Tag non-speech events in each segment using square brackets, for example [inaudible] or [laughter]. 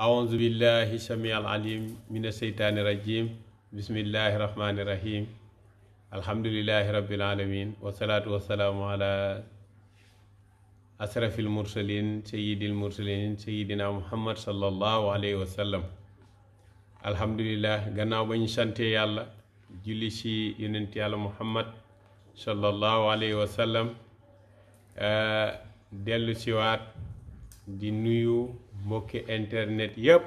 aouzu billahi sami al alim mina seytaani rajim bismillahi rahmaani rahim alhamdulilahi rabbil alamin wasalaatu wasalaamu ala asrafil mursalin sayidil mursalin sallallahu alayhi wa sallam gannaaw ba ñu sante yàlla julli ci yonent yàlla muhammad sallallahu alayhi wa eh, dellu siwaat di nuyu mbokki internet yëpp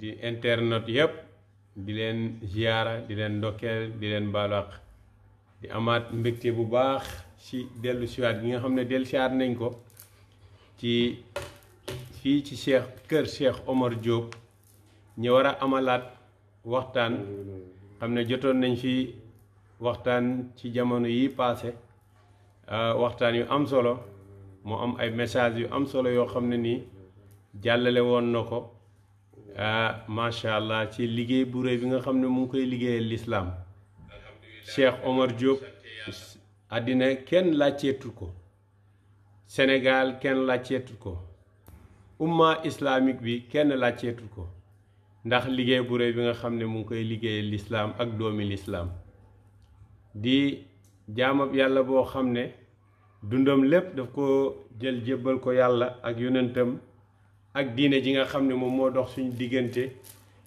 di internet yëpp di leen ziyaara di leen ndokkeel di leen baalu di amaat mbégte bu baax ci dellu siwaat gi nga xam ne dellu siwaat nañ ko ci fii ci Cheikh kër Cheikh Omar Diop ñu war a amalaat waxtaan xam ne jotoon nañ fi waxtaan ci jamono yi paase euh, waxtaan yu am solo mu am ay message yu am solo yoo xam ne nii jàllale woon na ko ah, macha allah ci liggéey bu réy bi nga xam ne mu ngi koy liggéeyal lislaam Cheikh Omar Diop àddina kenn laajteetul ko Sénégal kenn laajteetul ko umma islaamik bi kenn laajteetul ko ndax liggéey bu réy bi nga xam ne mu ngi koy liggéeyal lislaam ak doomi lislaam di jaamab yàlla boo xam ne dundam lépp daf ko jël jébbal ko yàlla ak yonentam ak diine ji nga xam ne moom moo dox suñu diggante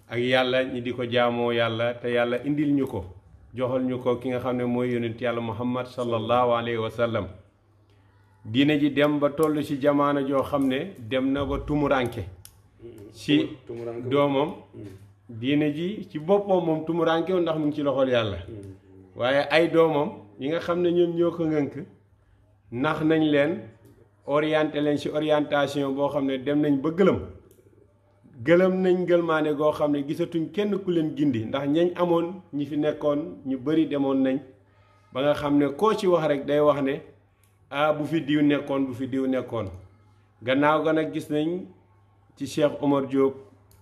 ak yàlla ñi di ko jaamoo yàlla te yàlla indil ñu ko joxal ñu ko ki nga xam ne mooy yonent yàlla muhammad sallallahu alayhi wa sallam diine ji dem ba toll ci jamaano joo xam ne dem na ba tumuranke ci mm-hmm. doomam mm-hmm. diine ji ci boppam moom tumuranke wu ndax mu ngi ci loxol yàlla mm-hmm. waaye ay doomam yi nga xam ne ñoom ñoo ko ngënk nax nañ leen orienté leen ci orientation boo xam ne dem nañ ba gëlëm gëlëm nañ gëlmaane goo xam ne gisatuñ kenn ku leen gindi ndax ñañ amoon ñi fi nekkoon ñu bari demoon nañ ba nga xam ne koo ci wax rek day wax ne ah bu fi diw nekkoon bu fi diw nekkoon gannaaw ga nag gis nañ ci Cheikh Omar Diop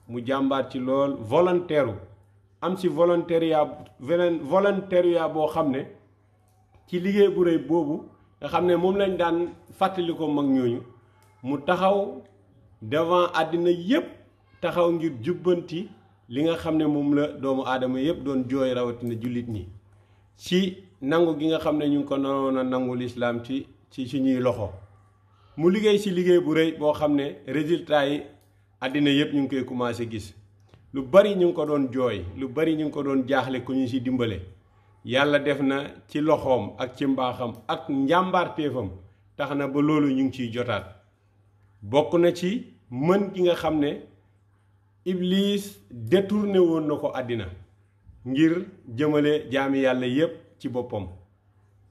mu jàmbaar ci lool volontaire am ci volontariat beneen volontariat boo xam ne ci liggéey bu rëy boobu nga xam ne moom lañ daan fàttali ko mag ñooñu mu taxaw devant àddina yépp taxaw ngir jubbanti li nga xam ne moom la doomu aadama yépp doon jooy rawatina jullit ñi ci nangu gi nga xam ne ñu ngi ko noonu nangu lislaam ci ci suñuy loxo mu liggéey ci liggéey bu rëy boo xam ne résultat yi àddina yépp ñu ngi koy commencé gis lu bari ñu ngi ko doon jooy lu bari ñu ngi ko doon jaaxle ku ñu ci dimbale yàlla def na ci loxoom ak ci mbaaxam ak njàmbaarteefam tax na ba loolu ñu ngi ciy jotaat bokk na ci mën ki nga xam ne Iblis détourné woon na ko àddina ngir jëmale jaami yàlla yépp ci boppam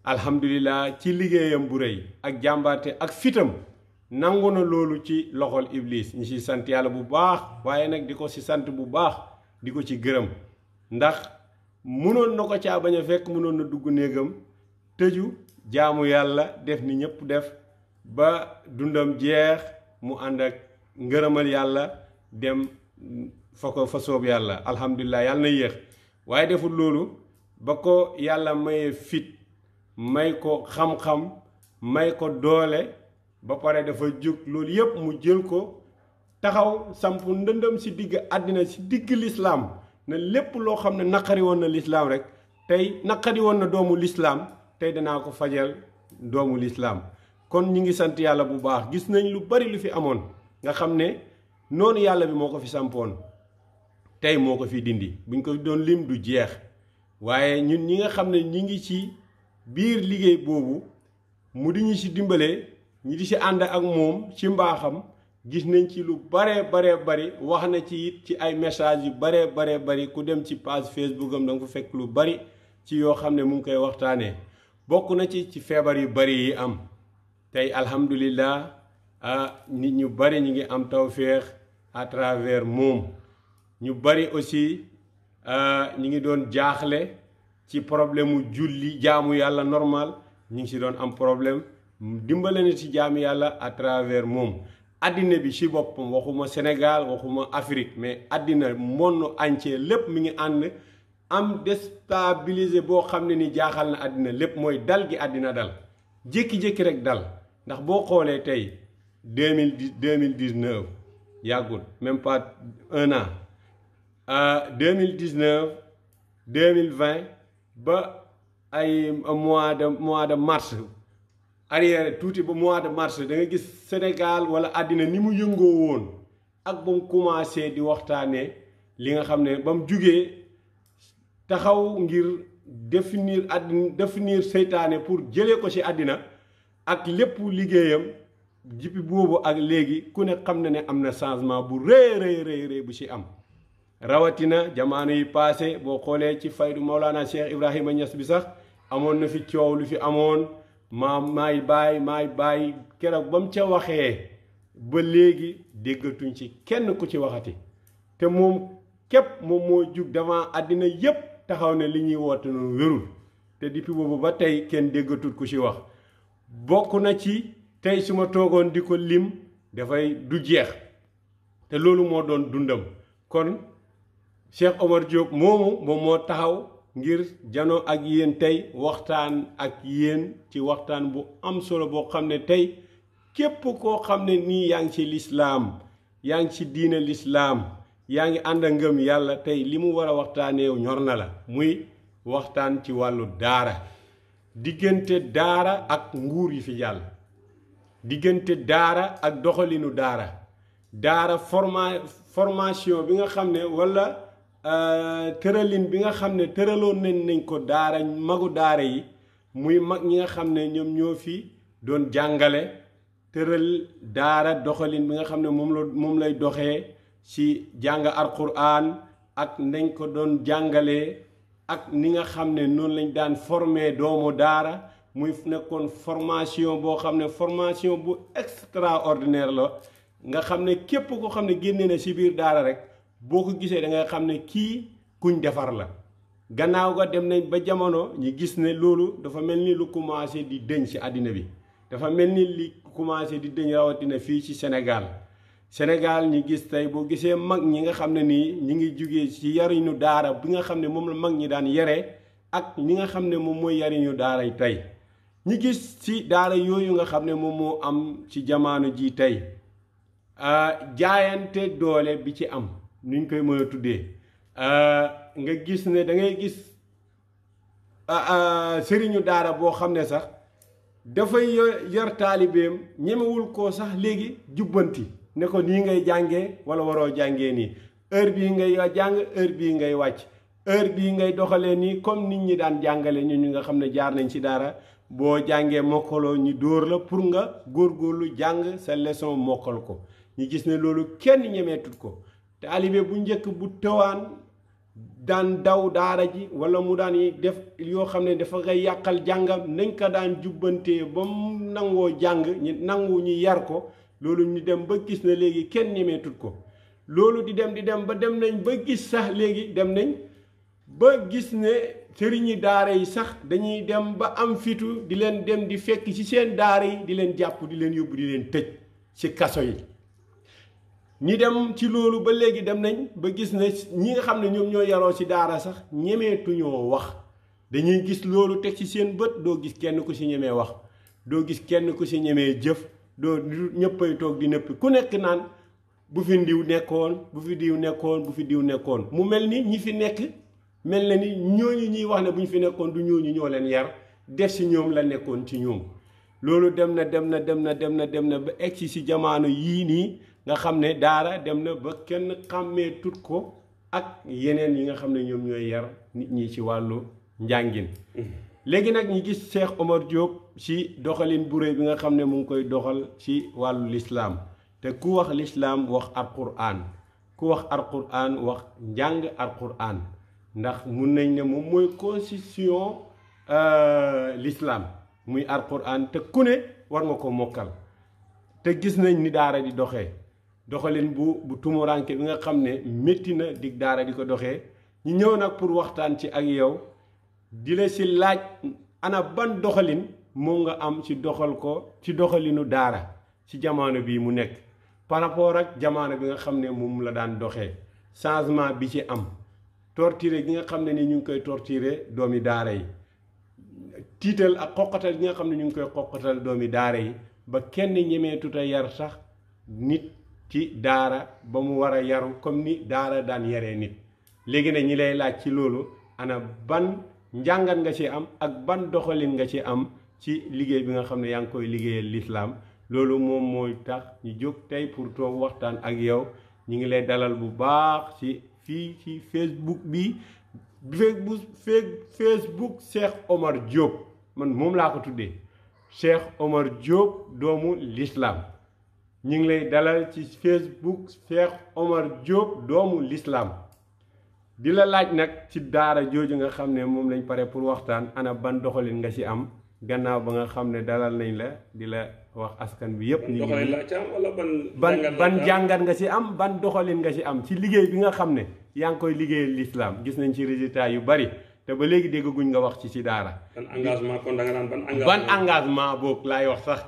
alhamdulilah ci liggéeyam bu rëy ak jàmbarte ak fitam nangu na loolu ci loxol Iblis ñu ci sant yàlla bu baax waaye nag di ko ci sant bu baax di ko ci gërëm ndax mënoon na ko caa bañ a fekk mënoon na dugg néegam tëju jaamu yàlla def ni ñëpp def ba dundam jeex mu ànd ak ngërëmal yàlla dem fa ko fa soob yàlla alhamdulilah yàlla na yéex waaye deful loolu ba ko yàlla maye fit may ko xam-xam may ko doole ba pare dafa jóg loolu yépp mu jël ko taxaw samp ndëndëm si digg àddina si digg lislaam ne lépp loo xam ne naqari woon na lislaam rek tey naqari woon na doomu lislaam tey danaa ko fajal doomu lislaam kon ñu ngi sant yàlla bu baax gis nañ lu bari lu fi amoon nga xam ne noonu yàlla bi moo ko fi sampoon tey moo ko fi dindi buñ ko doon lim du jeex waaye ñun ñi nga xam ne ñu ngi ci biir liggéey boobu mu di ñu ci dimbalee ñu di ci ànd ak moom ci mbaaxam gis nañ ci lu baree baree bari wax na ci it ci ay message yu baree baree bari ku dem ci page Facebook am da ko fekk lu bari ci yoo xam ne mu ngi koy waxtaanee bokk na ci ci feebar yu bari yi am tey alhamdulilah ah nit ñu bari ñu ngi am tawféex à travers moom ñu bari aussi ñu ngi doon jaaxle ci problème mu julli jaamu yàlla normal ñu ngi si doon am problème dimbale na ci jaamu yàlla à travers moom. àddina bi ci boppam waxuma Sénégal waxuma Afrique mais àddina monde entier lépp mi ngi ànd am déstabilisé boo xam ne ni jaaxal na àddina lépp mooy dal gi àddina dal jékki-jékki rek dal ndax boo xoolee tey deux mille dix mille dix neuf yàggul même pas un an ah mille dix neuf deux mille vingt ba ay mois de mois de mars. arrière tuuti ba mois de mars da nga gis Sénégal wala àddina ni mu yëngoo woon ak ba mu commencé di waxtaanee li nga xam ne ba mu jugee taxaw ngir définir àddina définir seytaane pour jëlee ko ci àddina ak lépp liggéeyam jippi boobu ak léegi ku ne xam na ne am na changement bu rëy rëy rëy bu ci am rawatina jamono yi passé boo xoolee ci faydu Maulana Cheikh Ibrahima Niass bi sax amoon na fi coow lu fi amoon maam maay baay maay baay keroog ba mu ca waxee ba léegi déggatuñ ci kenn ku ci waxati te moom képp moom moo jug dama àddina yépp taxaw ne li ñuy woote noonu wérul te depuis boobu ba tey kenn déggatut ku ci wax bokk na ci tey su ma toogoon di ko lim dafay du jeex te loolu moo doon dundam kon Cheikh Omar Diop moomu moom moo taxaw ngir janoo ak yéen tey waxtaan ak yéen ci waxtaan bu am solo boo xam ne tey képp koo xam ne nii yaa ngi ci lislaam yaa ngi ci diine lislaam yaa ngi ànd a ngëm yàlla tey li mu war a waxtaaneew ñor na la muy waxtaan ci wàllu daara diggante daara ak nguur yi fi jàll diggante daara ak doxalinu daara daara forma formation bi nga xam ne walla Euh, tëralin bi nga xam ne tëraloon nañ nañ ko daara magu daara yi muy mag ñi nga xam ne ñoom ñoo fi doon jàngale tëral daara doxalin bi nga xam ne moom la moom lay doxee ci jàng alquran ak nañ ko doon jàngalee ak ni nga xam ne noonu lañ daan former doomu daara muy nekkoon formation boo xam ne formation bu extraordinaire la nga xam ne képp koo xam ne génne na si biir daara rek boo ko gisee da ngay xam ne kii kuñ defar la gannaaw ga dem nañ ba jamono ñi gis ne loolu dafa mel ni lu commencé di dëñ ci àddina bi dafa mel ni li commencé di dëñ rawatina fii ci senegal Sénégal ñi gis tey boo gisee mag ñi nga xam ne nii ñu ngi jugee ci yariñu daara bi nga xam ne moom la mag ñi daan yare ak ñi nga xam ne moom mooy yariñu daara tey ñi gis ci daara yooyu nga xam ne moom moo am ci jamono ji tey ah, jaayante doole bi ci am ni ñu koy mën a tuddee euh, nga gis ne da ngay gis ah, ah, sëriñu daara boo xam ne sax dafay yar taalibeem ñemewul ko sax léegi jubbanti ne ko nii ngay jànge wala waroo jàngee nii heure bii ngay jàng heure bii ngay wàcc heure bii ngay doxalee nii comme nit ñi daan jàngale ñu ñu nga xam ne jaar nañ ci daara boo jàngee mokkaloo ñi dóor la pour nga góor góorlu jàng sa leçon mokkal ko ñu gis ne loolu kenn ñemeetut ko taalibe bu njëkk bu tëwaan daan daw daara ji wala mu daan def yoo xam ne dafa koy yàqal jàngam nañ ko daan jubbantee ba mu nangoo jàng ñu nangu ñu yar ko loolu ñu dem ba gis na léegi kenn ñemeetut ko loolu di dem di dem ba dem nañ ba gis sax léegi dem nañ ba gis ne sëriñi daara yi sax dañuy dem ba am fitu di leen dem di fekk ci seen daara yi di leen jàpp di leen yóbbu di leen tëj ci kaso yi ñi dem ci loolu ba léegi dem nañ ba gis ne ñi nga xam ne ñoom ñoo yaroo ci daara sax ñemeetuñoo wax dañuy gis loolu teg ci seen bët doo gis kenn ku ci ñemee wax doo gis kenn ku ci ñemee jëf doo ñëppay toog di nëppi ku nekk naan bu fi ndiw nekkoon bu fi diw nekkoon bu fi diw nekkoon mu mel ni ñi fi nekk mel na ni ñooñu ñuy wax ne bu ñu fi nekkoon du ñu ñoo leen yar def ci ñoom la nekkoon ci ñoom loolu dem na dem na dem na dem na dem na ba egsi ci jamaano yii nii nga xam ne daara dem na ba kenn xàmmee tut ko ak yeneen yi nga xam ne ñoom ñooy yar nit ñi ci wàllu njàngin mm-hmm. léegi nag ñi gis Cheikh Omar Diop ci doxalin bu réy bi nga xam ne mu ngi koy doxal ci wàllu lislaam te ku wax lislaam wax alquran ku wax alquran wax njàng alquran ndax mun nañ ne moom mooy constitution euh, lislaam muy alquran te ku ne war nga ko mokkal te gis nañ ni daara di doxee doxalin bu bu tumuranke bi nga xam ne métti na dig daara di ko doxee ñu ñëw nag pour waxtaan ci ak yow di la si laaj ana ban doxalin moom nga am ci doxal ko ci doxalinu daara ci jamono bii mu nekk par rapport ak jamono bi nga xam ne moom la daan doxee changement bi ci am torture gi nga xam ne ni ñu ngi koy torture doomi daara yi tiital ak xoqatal gi nga xam ne ñu ngi koy xoqatal doomi daara yi ba kenn ñemeetu te yar sax nit ci daara ba mu war a yaru comme ni daara daan yaree nit léegi ne ñi lay laaj ci loolu ana ban njàngat nga ci am ak ban doxalin nga ci am ci liggéey bi nga xam ne yaa ngi koy liggéeyal lislaam loolu moom mooy tax ñu jóg tey pour toog waxtaan ak yow ñu ngi lay dalal bu baax ci fii ci Facebook bi Facebook Facebook Cheikh Omar Diop man moom laa ko tuddee Cheikh Omar Diop doomu lislaam ñu ngi lay dalal ci Facebook Cheikh Omar Diop doomu lislaam di la laaj nag ci daara jooju nga xam ne moom lañ pare pour waxtaan ana ban doxalin nga ci am gannaaw ba nga xam ne dalal nañ la di la wax askan bi yépp ñu ban ban jàngat nga ci am ban doxalin nga ci am ci liggéey bi nga xam ne yaa ngi koy liggéeyal lislaam gis nañ ci résultat yu bari te ba léegi déggaguñ nga wax ci ci daara. ban engagement kon da nga naan ban engagement engagement boobu laay wax sax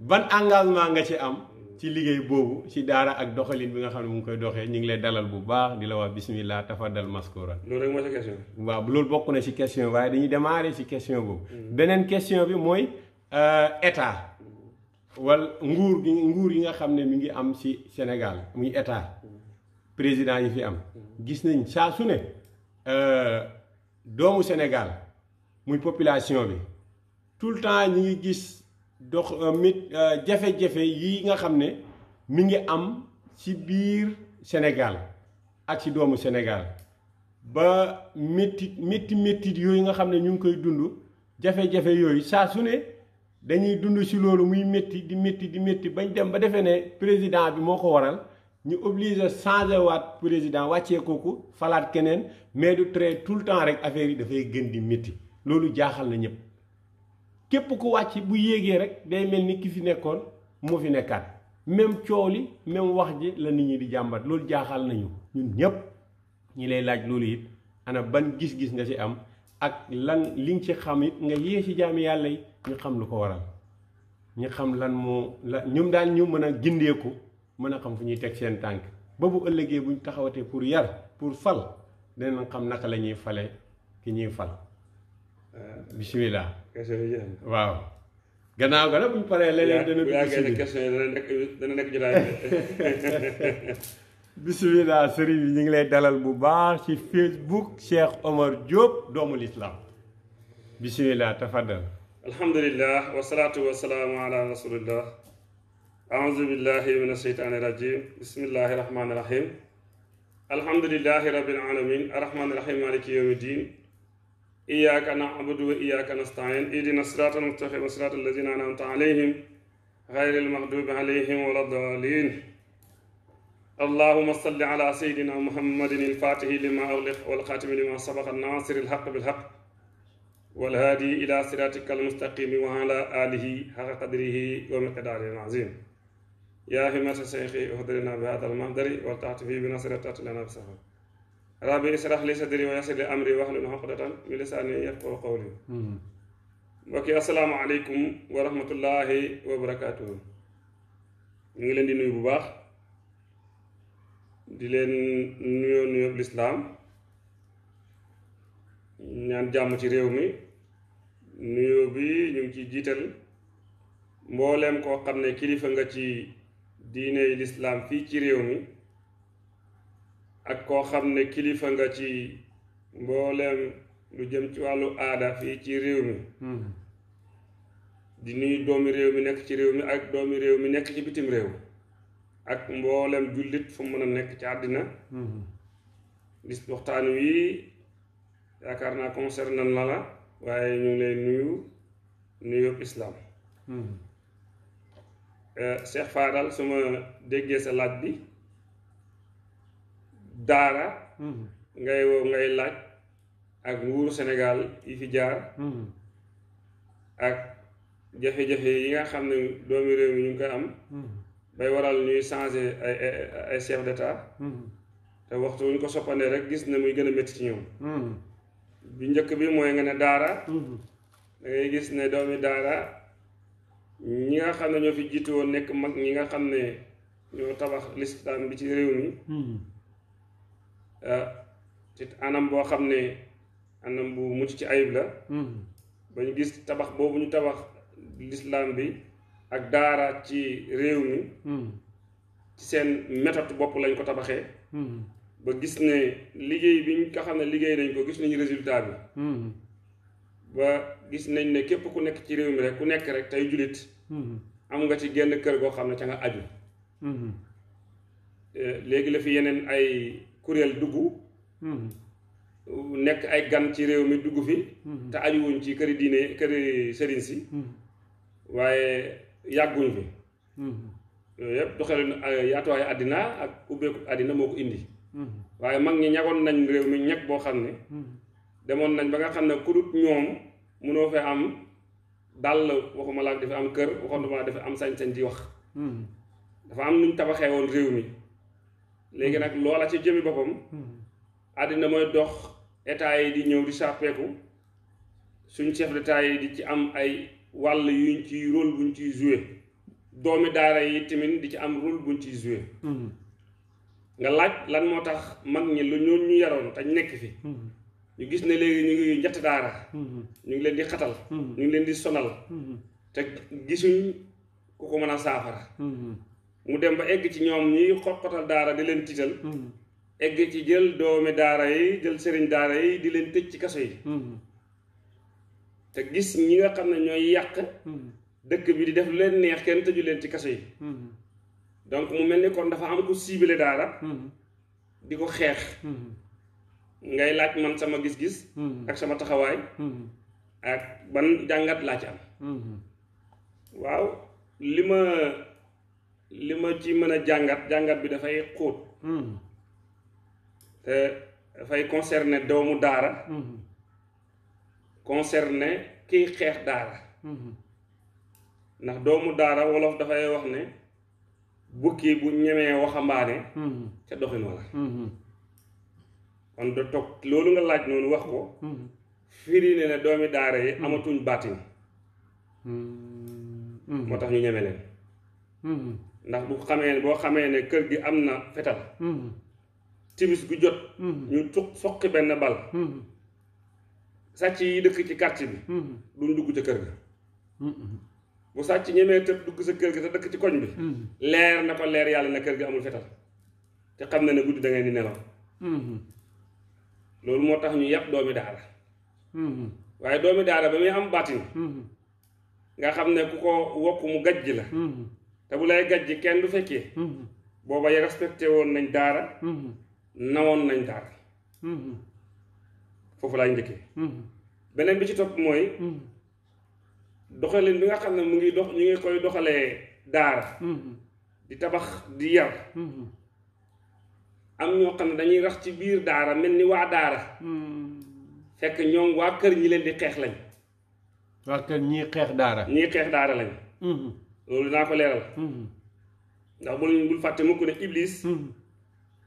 ban engagement nga ci am. ci liggéey boobu ci daara ak doxalin bi nga xam ne mu ngi koy doxee ñu ngi lay dalal bu baax di la wax bismillah tafadal maskura loolu rek mooy sa question. waaw loolu bokk na ci question waaye dañuy démarrer ci question boobu. Mm. beneen question bi mooy euh, état. wala nguur nguur yi nga xam ne mi ngi am ci Sénégal muy état. président yi fi am. Mm. gis nañ saa su ne euh, doomu Sénégal muy population bi tout temps ñu ngi gis. dox euh, mit euh, jafe-jafe yi nga xam ne mi ngi am ci biir Sénégal ak ci doomu Sénégal ba métti métti métti yooyu nga xam ne ñu ngi koy dund jafe-jafe yooyu saa su ne dañuy dund ci loolu muy métti di métti di métti bañ dem ba defee ne président bi moo ko waral ñu obligé changé waat président wàcceeku kooku falaat keneen mais du trait tout le temps rek affaire yi dafay gën di métti loolu jaaxal na ñëpp. képp ku wàcc bu yéegee rek day mel ni ki fi nekkoon moo fi nekkaat même coow li même wax ji la nit ñi di jàmbat loolu jaaxal nañu ñun ñépp ñi lay laaj loolu it ana ban gis-gis nga ci am ak lan li ci xam nga yee ci jaami yàlla yi ñu xam lu ko waral ñu xam lan moo la ñoom daan ñu mën a gindeeku mën a xam fu ñuy teg seen tànk ba bu ëllëgee buñ taxawatee pour yar pour fal danañ xam naka la ñuy fale ki ñuy fal Ah. bisimilah. question yi jeex na waaw. gannaaw ga bu ñu paree leneen dana. bu yàggee ne question yi dana nekk [laughs] ñu ngi lay dalal bu baax ci Facebook Cheikh Omar Diop doomu lislaam bisimilah tafadal. alhamdulilah wasalaatu wasalaamu ala rasulillah. aouzu billahi min alamin arrahmaani rahim maliki yawmi din iyyaka na'budu wa iyyaka nasta'in ihdina sirata al-mustaqima sirata allazina an'amta alayhim غير المغضوب عليهم ولا الضالين اللهم صل على سيدنا محمد الفاتح لما أغلق والخاتم لما سبق الناصر الحق بالحق والهادي إلى صراطك المستقيم وعلى آله حق قدره ومقداره العظيم يا همة شيخي اهدرنا بهذا المهدر والتعطفي بنصر التعطي لنا بسهل rabbi israh li sadri wax yassir li amri wahlul uqdatan min lisani yafqahu qawli hmm. mbokk yi asalaamaaleykum wa rahmatullahi wa barakaatu ñu ngi leen di nuyu bu baax di leen nuyoo nuyoo lislaam ñaan jàmm ci réew mi nuyoo bi ñu ngi ciy jiital mbooleem koo xam ne kilifa nga ci diiney lislaam fii ci réew mi ak koo xam ne kilifa nga ci mbooleem lu jëm ci wàllu aada fii ci réew mi hmm. di nuyu doomi réew mi nekk ci réew mi ak doomi réew mi nekk ci bitim réew ak mbooleem jullit fu mën a nekk ci àddina dis hmm. waxtaan wi yaakaar naa concerné na la waaye ñu lay nuyu nuyub islaam hmm. eh, Cheikh Fadal su ma déggee sa laaj bi daara mhm. ngay ngay laaj ak nguuru Sénégal yi fi jaar mhm. ak jafe-jafe yi nga xam ne doomi réew mi ñu ngi koy am mhm. bay waral ñuy changer ay ay chef d'état te waxtu wuñ ko soppandee rek gis na muy gën a métti ci ñoom bu njëkk bi mooy nga ne daara da gis ne doomi daara ñi nga xam ne ñoo fi jiitu woon nekk mag ñi nga xam ne ñoo tabax lislam bi ci réew mi Euh, ci anam boo xam ne anam bu mucc ci ayib la hmm. ba ñu gis tabax boobu ñu tabax lislaam bi ak daara ci réew mi hmm. ci seen méthode bopp lañ ko tabaxee hmm. ba gis ne liggéey bi nga xam ne liggéey nañ ko gis nañu résultat bi ba gis nañ ne képp ku nekk ci réew mi rek ku nekk rek tey jullit am nga ci genn kër goo xam ne ca nga aju euh, léegi la fi yeneen ay kuréel dugg hmm. nekk ay gan ci réew mi dugg fi hmm. te ajuwuñ ci këri diine këri sëriñ si hmm. waaye yàgguñ fi yooyu yëpp doxalin yaatuwaay àddina ak ubbeeku àddina moo ko indi waaye mag ñi ñagoon nañ réew mi ñeg boo xam ne demoon nañ ba nga xam ne ku dut ñoom munoo fee am dàll waxuma laa dafa am kër waxuma laa dafa am sañ-sañ di wax dafa am nuñ tabaxee woon réew mi léegi nag loola ci jëmi boppam àddina mooy dox état yi di ñëw di sàppeeku suñ chef d'état yi di ci am ay wàll yuñ ci rôle buñ ciy joué doomi daara yi tamit di ci am rôle buñ ci joué nga laaj lan moo tax mag ñi lu ñu ñu yaroon te nekk fi ñu gis ne léegi ñu ngi njatt daara ñu ngi leen di xatal ñu ngi leen di sonal te gisuñ ku ko mën a saafara mu dem ba egg ci ñoom ñiy xoqatal daara di leen tiital hmm. egg ci jël doomi daara yi jël sëriñ daara yi di leen tëj ci kaso yi hmm. te gis ñi nga xam ne ñooy yàq hmm. dëkk bi di def lu leen neex kenn tëju leen ci kaso yi donc mu mel ni kon dafa am ku ciblé daara di ko xeex ngay laaj man sama gis-gis ak sama taxawaay ak ban jàngat laa ci am waaw li ma li ma ci mën a jàngat jàngat bi dafay xóot hmm. te dafay concerné doomu daara hmm. concerné kiy xeex daara hmm. ndax doomu daara wolof dafay wax ne bukki bu ñemee waxambaane ca doxin wala kon da toog loolu nga laaj noonu wax ko firi ne doomi daara yi amatuñ baatin moo tax ñu ñeme leen ndax bu xamee boo xamee ne kër gi am na fetal mm-hmm. timis gu jot mm-hmm. ñu suq soqi benn bal mm-hmm. sàcc yi dëkk ci quartier bi duñ dugg ca kër ga bu sàcc ñemee tëb dugg sa kër gi te dëkk ci koñ bi leer na ko leer yàlla na kër gi amul fetal te xam na ne guddi da ngeen di nelaw loolu moo tax ñu yàpp doomi daara waaye doomi daara ba muy am baatin nga xam ne ku ko wokk mu gajj la te bu lay gàjji kenn du fekkee mm-hmm. booba ya respecté woon nañ daara mm-hmm. nawoon nañ daara mm-hmm. foofu laay njëkkee beneen bi ci topp mooy doxalin bi nga xam ne mu ngi dox ñu ngi koy doxalee daara di tabax di yar am ñoo xam ne dañuy rax ci biir daara mel ni waa daara fekk ñoom waa kër ñi leen di xeex lañ waa kër ñii xeex daara ñii xeex daara lañ loolu dinaa ko leeral ndax bul bul fàtte mukk ne iblis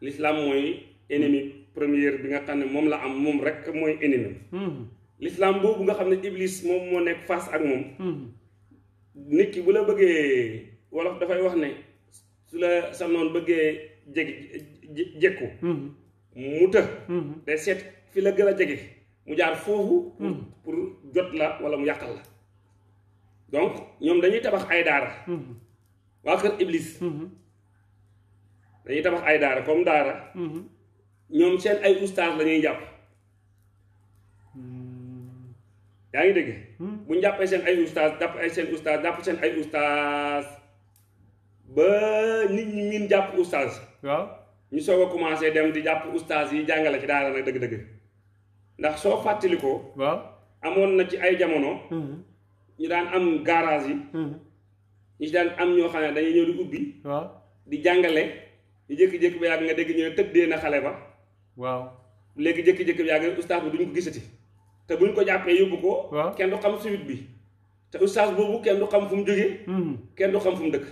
lislaam mooy ennemi première bi nga xam ne moom la am moom rek mooy ennemi l'islam boobu nga xam ne iblis moom moo nekk face ak moom nit ki bu la bëggee wolof dafay wax ne su la sa noon bëggee jeg jekku mu të day seet fi la gën a jege mu jaar foofu pour jot la wala mu yàqal la donc ñoom dañuy tabax ay daara mhm. waa kër iblis mhm. dañuy tabax ay daara comme daara mhm. ñoom seen ay ustaas lañuy jàpp yaa ngi dégg bu ñu seen ay ustaas jàpp ay seen ustaas jàpp seen ay ustaas ba nit ñi miin jàpp ustaas waaw ñu soog a commencé dem di jàpp ustaas yi jàngale ci daara nag dëgg-dëgg ndax soo fàttalikoo waaw amoon na ci ay jamono ñu daan am garage yi. Hmm. ñu daan am ñoo xam ne dañuy ñëw di ubbi. waaw di jàngale. di jékki-jékki ba yàgg nga dégg ñu tëddee na xale ba. waaw léegi jékki-jékki ba yàgg ustaas bi duñ ko gisati. te buñ ko jàppee yóbbu ko. kenn du xam suite bi. te ustaas boobu kenn du xam fu mu jógee. Hmm. kenn du xam fu mu dëkk.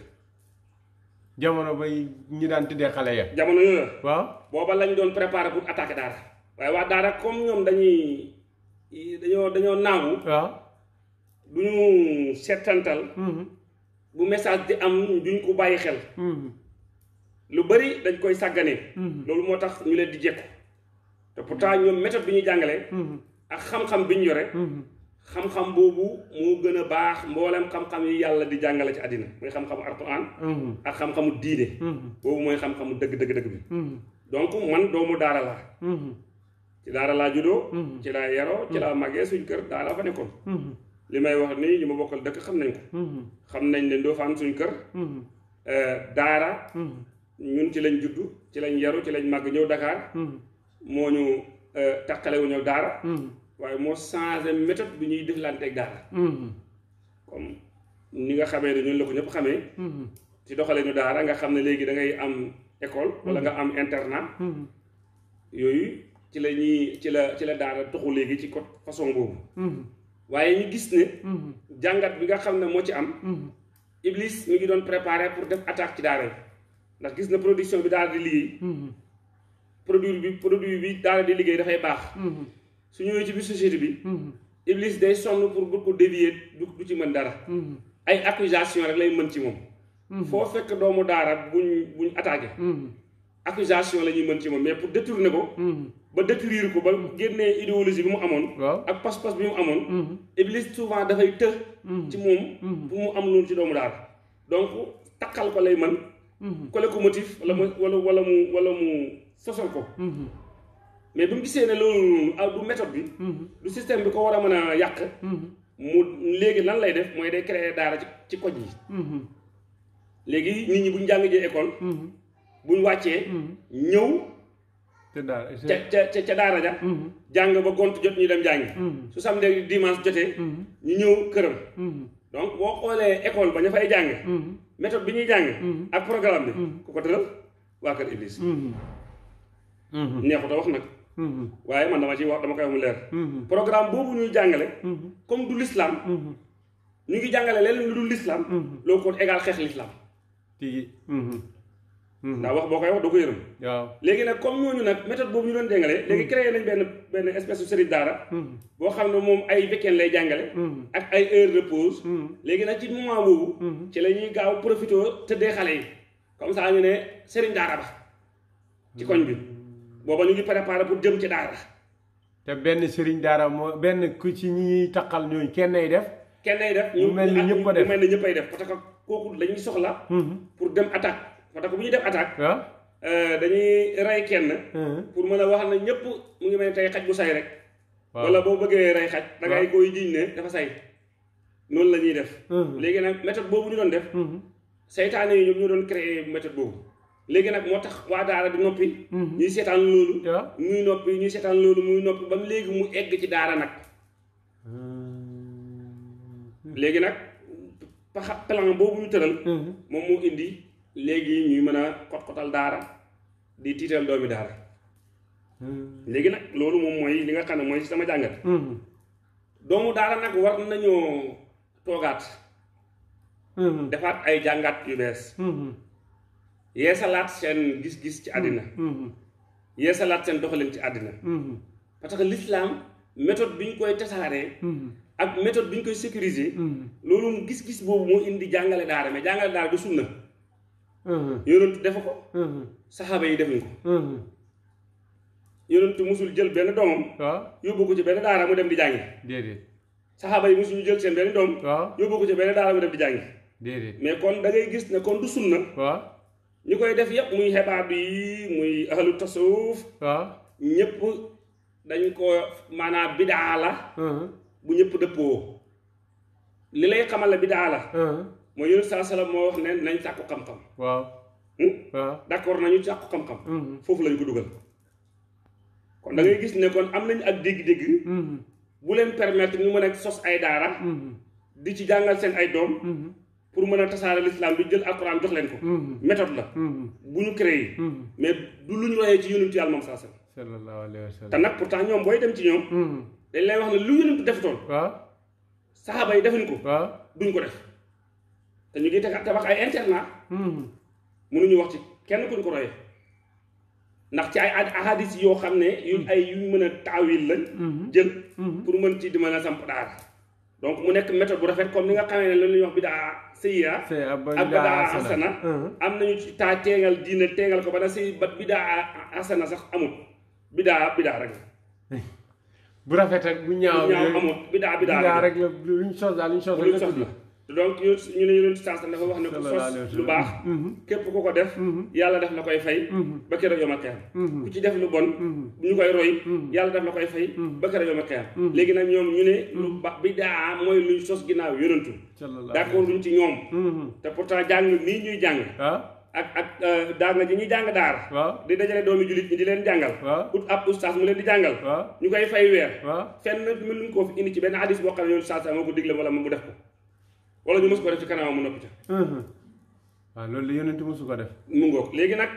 jamono bay ñi daan tëddee xale ya. jamono yooyu. waaw booba lañ doon préparer pour attaquer daara. waaye waa daara comme ñoom dañuy dañoo dañoo naagu. du setantal mm-hmm. bu message di am duñ ko bàyyi xel mm-hmm. lu bari dañ koy sàgganee mm-hmm. loolu moo tax ñu leen di jekku te pourtant ñoom méthode bi ñu jàngale ak xam-xam bi ñu yore xam-xam boobu moo gën a baax mboolem xam-xam yi yàlla di jàngale ci àddina mooy xam-xamu alxuraan ak xam-xamu diine boobu mooy xam-xamu dëgg dëgg dëgg bi donc man doomu daara laa ci daara laa juddoo ci laa yaroo ci laa màggee suñ kër daara fa nekkoon li may wax nii ñu ma bokkal dëkk xam nañ ko. Mhm. xam nañ ne Ndofane suñ kër. Mhm. Euh, daara. Mhm. ñun ci lañ juddu ci lañ yaru ci lañ màgg ñëw Dakar. moo ñu euh, taqale wu daara. waaye moo changé méthode bi ñuy deflanteeg daara. comme ni nga xamee ne ñun la ko ñëpp xamee. ci doxalinu daara nga xam ne léegi da ngay am école. wala nga am internat. yooyu ci la ñuy ci la ci la daara toxu léegi ci côté façon boobu. waaye ñu gis ne. Mhm. jàngat bi nga xam ne moo ci am. Mhm. Iblis mu ngi doon préparé pour def attaque ci daara ndax gis na production bi daal di liggéey. Mhm. produit bi produit bi daal di liggéey dafay baax. su ñëwee ci biir bi. Iblis day sonn pour bu ko dévier du ci mën dara. ay accusation rek lay mën ci moom. foo fekk doomu daara buñ buñ attaqué. accusation la ñuy mën ci moom mais pour ne ko. ba détruire ko ba génnee idéologie bi mu amoon. ak pas-pas bi mu amoon. Mm-hmm. Iblis souvent dafay të. Mm-hmm. ci moom. Mm-hmm. pour mu am loolu ci doomu daal donc takkal ko lay man ko le ko motif wala mu wala mu wala mu sosal ko. mais bi mu gisee ne loolu du méthode bi. du système bi ko war a mën a yàq. mu léegi lan lay def mooy day créer daara ci ci koñ yi. léegi nit ñi bu ñu jàng jee école. bu ñu wàccee. ñëw. ca ca ca daara ja mm-hmm. jàng ba gont jot ñu dem jàngi mm-hmm. su samedi dimanche jotee mm-hmm. ñu ñëw këram donc boo xoolee école ba ña fay jàng méthode bi ñuy jàng ak programme bi ku ko tëral waa kër Iblis neexut wax nag waaye man dama ci wax dama koy wax mu leer programme boobu ñuy jàngale comme du l'islam ñu ngi jàngale leneen lu dul l'islam loolu kon égal xeex l'islam Mhm. ndax wax boo koy wax doo ko yërëm waaw léegi nag comme ñooñu nag méthode boobu ñu doon jàngale mhm. léegi créé nañ benn benn espèce de sëriñ daara mhm. boo xam ne moom ay weekend lay jàngale ak ay heure de pause léegi nag ci moment boobu ci la ñuy gaaw profité tëddee xale yi comme saa ñu ne sëriñ daara ba ci koñ bi booba ñu ngi préparé pour jëm ci daara te benn sëriñ daara moo benn ku ci ñi taqal ñooñu kenn ay def kenn ay def ñu mel ni ñëpp ko def ñu mel ñëpp ay def parce que kooku lañuy soxla pour dem attaque moo tax bu ñu def attaque. waaw euh, dañuy rey kenn. Hmm. pour mën a wax na ñëpp mu ngi mel tey xaj bu say rek. wala boo bëggee rey xaj. da ngay koy jiñ ne dafa say. noonu la ñuy def. Hmm. léegi nag méthode boobu ñu doon def. Hmm. seytaane yi ñoom ñu doon créer méthode boobu. léegi nag moo tax waa daara di noppi. ñuy seetaan loolu. muy noppi ñuy seetaan loolu muy noppi ba léegi mu egg ci daara nag. léegi nag paxa plan boobu ñu tëral. moom moo indi léegi ñuy mën a xotxotal daara di tiital doomi daara hmm. léegi nag loolu moom mooy li nga xam ne mooy sama jàngat hmm. doomu daara nag war nañoo toogaat hmm. defaat ay jàngat yu bees yeesalaat seen gis-gis ci àddina yeesalaat seen doxalin ci àddina parce que l'islam méthode bi ñu koy tasaaree ak méthode bi ñu koy sécuriser loolu gis-gis boobu moo indi jàngale daara mais jàngale daara du sunna yonentu def ko saxaaba yi defuñ ko jël benn doomam waaw ko ci benn mu dem di jàngi déedéet saxaaba yi suñu jël seen benn doom waaw yóbbu ko ci benn daara mu dem di jàngi mais kon da ngay gis ne kon du sunna waaw ñu koy def yëpp muy xebaab yi muy ahlu tasawuf waaw ñëpp dañ ko maanaam bidaa la bu ñëpp dëppoo li lay xamal la bidaa la mooy yonent saa salaam moo wax ne nañ tàkku xam-xam. waaw. Hmm? waaw d'accord nañu tàkku xam-xam. Hmm. foofu lañ ko dugal. kon da gis ne kon am nañ ak dégg-dégg. Hmm. bu leen permettre mu mën ak sos ay daara. di ci jàngal seen ay doom. pour mën a tasaare lislaam bi jël alxuraan jox leen ko. méthode la. bu ñu créé. mais du lu ñu royee ci yonentu yàlla moom saa salaam. sallallahu te nag pourtant ñoom booy dem ci ñoom. dañ lay wax ne lu yonent defutoon. waaw yi defuñ ko. waaw duñ ko def. te ñu ngi tabax ay internat. Hmm. mënuñu wax ci kenn kuñ ko royee ndax ci ay ahadis yoo xam ne. yu hmm. ay yu mën a taawil lañ. Hmm. jël pour mën ci di mën a samp daara. donc mu nekk méthode bu rafet comme ni nga xamee ne loolu la ñuy wax bidaa sayyi'a. ak bidaa hasana am nañu ci taa teengal diine teengal ko ba na si ba bidaa hasana sax amul bidaa bidaa [laughs] bu rafet ak bu ñaaw bu ñaaw amul bidaa bidaa rek la. bidaa rek la luñ sos daal luñ sos la. donc ñu ne yonent sànq dafa wax na ku sos lu baax mm-hmm. képp ku ko def mm-hmm. yàlla def la koy fay mm-hmm. ba keroog yom a keer ku ci def lu bon ñu koy roy yàlla def la koy fay ba keroog yom a keer léegi nag ñoom ñu ne lu ba bi daa mooy luy sos ginnaaw yonentu nu ñu ci ñoom te pourtant jàng nii ñuy jàng ah. ak ak euh, daar nga ji ñuy jàng daar di dajale doomi jullit ñi di leen jàngal ut ab oustaz mu leen di jàngal ñu koy fay weer fenn mënuñ koo fi indi ci benn wala mu def ko wala ñu mos ko def ci kanamam mu noppi ca. waaw loolu la yonent mosu ko def. mu ngoog léegi nag.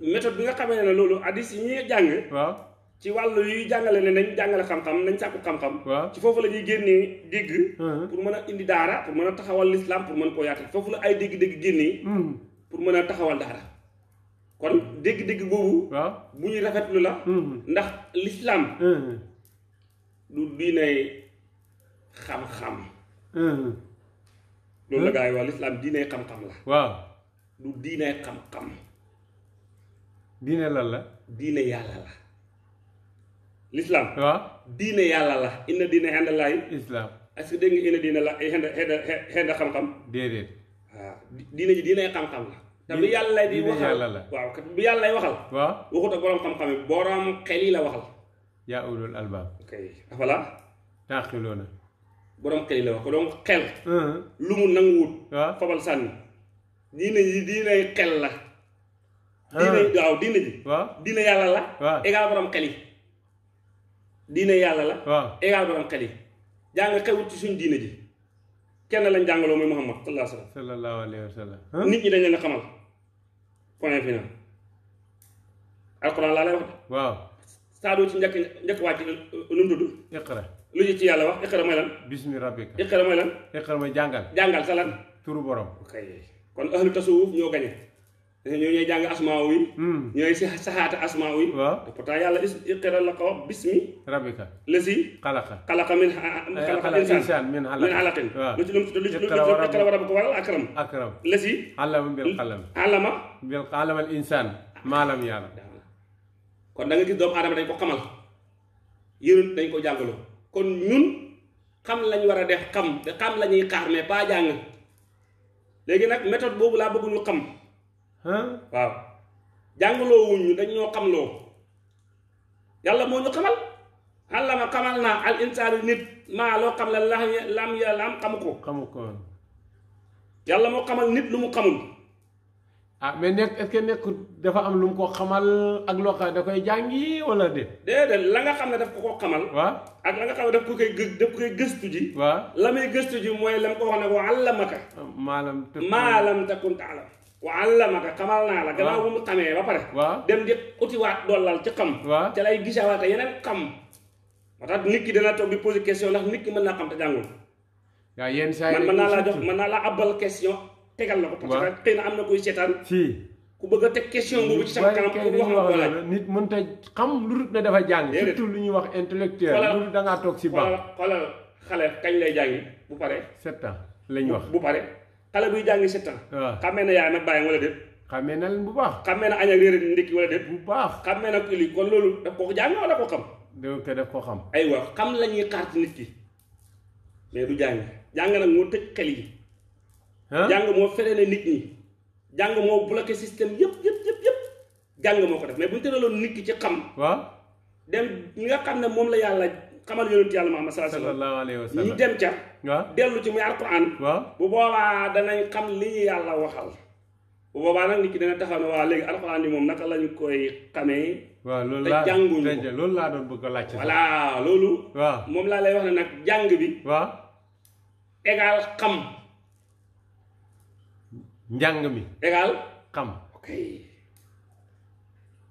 méthode bi nga xamee ne loolu hadis yi ñuy jàng. waaw ci wàll yuy jàngale ne nañ jàngale xam-xam nañ sàkku ci foofu la ñuy génnee dégg. pour mën a indi daara pour mën a taxawal lislaam pour mën koo yaatal foofu la ay dégg-dégg génnee. pour mën a taxawal daara. kon dégg-dégg boobu. waaw bu ñuy lu la. ndax lislaam du diine xam-xam. loolu la gars yi lislaam diine xam-xam la. waaw du diine xam-xam. diine lan la. diine yàlla la. lislaam waaw diine yàlla la. inna diine inda laahi. islam dégg nga inna diine la inda inda xam-xam. déedéet. waaw ah, diine ji diine xam-xam la. te bu yàlla di waxal waaw kat bu yàlla lay waxal. waaw waxut ak xam-xam yi borom xel yi la waxal. yaa ulul albaab. ok afala. taaxiloona. borom xel la wax ko donc xel. lu mu nanguwut. waaw fabal sànni. diine ji diine xel la. diine waaw diine ji. waaw yàlla la. waaw borom xel yi. diine yàlla la. waaw borom xel yi. jàng xewut ci suñ diine ji. kenn lañ jàngaloo mooy Muhammad sallallahu alayhi wa sallam. nit ñi dañ leen xamal. point final. alquran laa lay wax. waaw. saa ci njëkk njëkk wàcc nu mu tudd. lu ñu ci yàlla wax iqra lan bismi rabbika iqra lan iqra jàngal jàngal sa lan turu borom kon ahlu tasawuf ñoo gañe ñooy jàng asmaa yi hmm. ñooy si saxaata asmaa yi waaw pourtant yàlla iqra la ko bismi rabbika la si xalaqa eh, min xalaqa insaan min alaqin lu ci lu ci wa rabbuka wal akram akram la si allama bil qalam allama bil allama al insaan maalam yàlla kon da gis doomu aadama dañ ko xamal yërun dañ ko jàngaloo kon ñun xam lañ war a def xam te xam la ñuy xaar mais pas jàng léegi nag méthode boobu laa bëgg ñu xam waaw jàngaloo wuñ ñu dañ ñoo xam loo yàlla moo ñu xamal allama xamal naa al insaani nit maa loo xam la lam ya am ko xamu ko yàlla moo xamal nit lu mu xamul ah mais nekk est nekkut dafa am lu mu ko xamal ak loo xam da koy jàngi wala déet. déedéet la nga xam ne daf ko ko xamal. waa ak la nga xam ne daf ko koy gë daf koy gëstu ji. waaw la may gëstu ji mooy la mu ko wax ne wa allamaka. maalam takun maalam takun taalam. wa allamaka xamal naa la. gannaaw bu mu xamee ba pare. waaw dem di utiwaat dollal ci xam. waaw ca lay gisawaate yeneen xam. moo tax nit ki dana toog di poser question ndax nit ki mën naa xam te jàngul. waaw yenn saa yi man mën naa laa jox mën naa laa abbal tegal na ko. parce que xëy na am na kuy seetaan. si ku bëgg a teg question boobu ci sama kanam. pour wax la nit mënta xam lu dul ne dafa jàng. surtout lu ñuy wax intellectuel. voilà lu da ngaa toog si banque. kañ lay jàngi bu pare. sept ans lañ wax bu pare. xale buy jàngi sept ans. waaw xamee na yaay nag bàyyi wala déet. xamee na leen bu baax. xamee na añ réer ndékki wala déet. bu baax xamee na kii kon loolu daf koo jàng wala koo xam. donc daf koo xam. aywa xam la ñuy xaar ci nit ki mais du jàng jàng nag moo tëj xel yi jàng moo freiné nit ñi jàng moo bloqué système yëpp yëpp yëpp jàng moo ko def mais bu ñu tëraloon nit ki ci xam waaw dem ñi nga xam ne moom la yàlla xamal yonent yàlla Muhammad sallallahu alayhi wa sallam ñu dem ca waaw dellu ci muy alquran li yàlla waxal bu boobaa nag nit ki dana taxaw ne waa léegi alxuraan yi moom naka lañu koy xamee. waaw loolu laa te jànguñu loolu laa doon bëgg a laajte. voilà loolu. moom laa lay wax ne nag jàng bi. waaw égal xam. njàng mi. égal xam. ok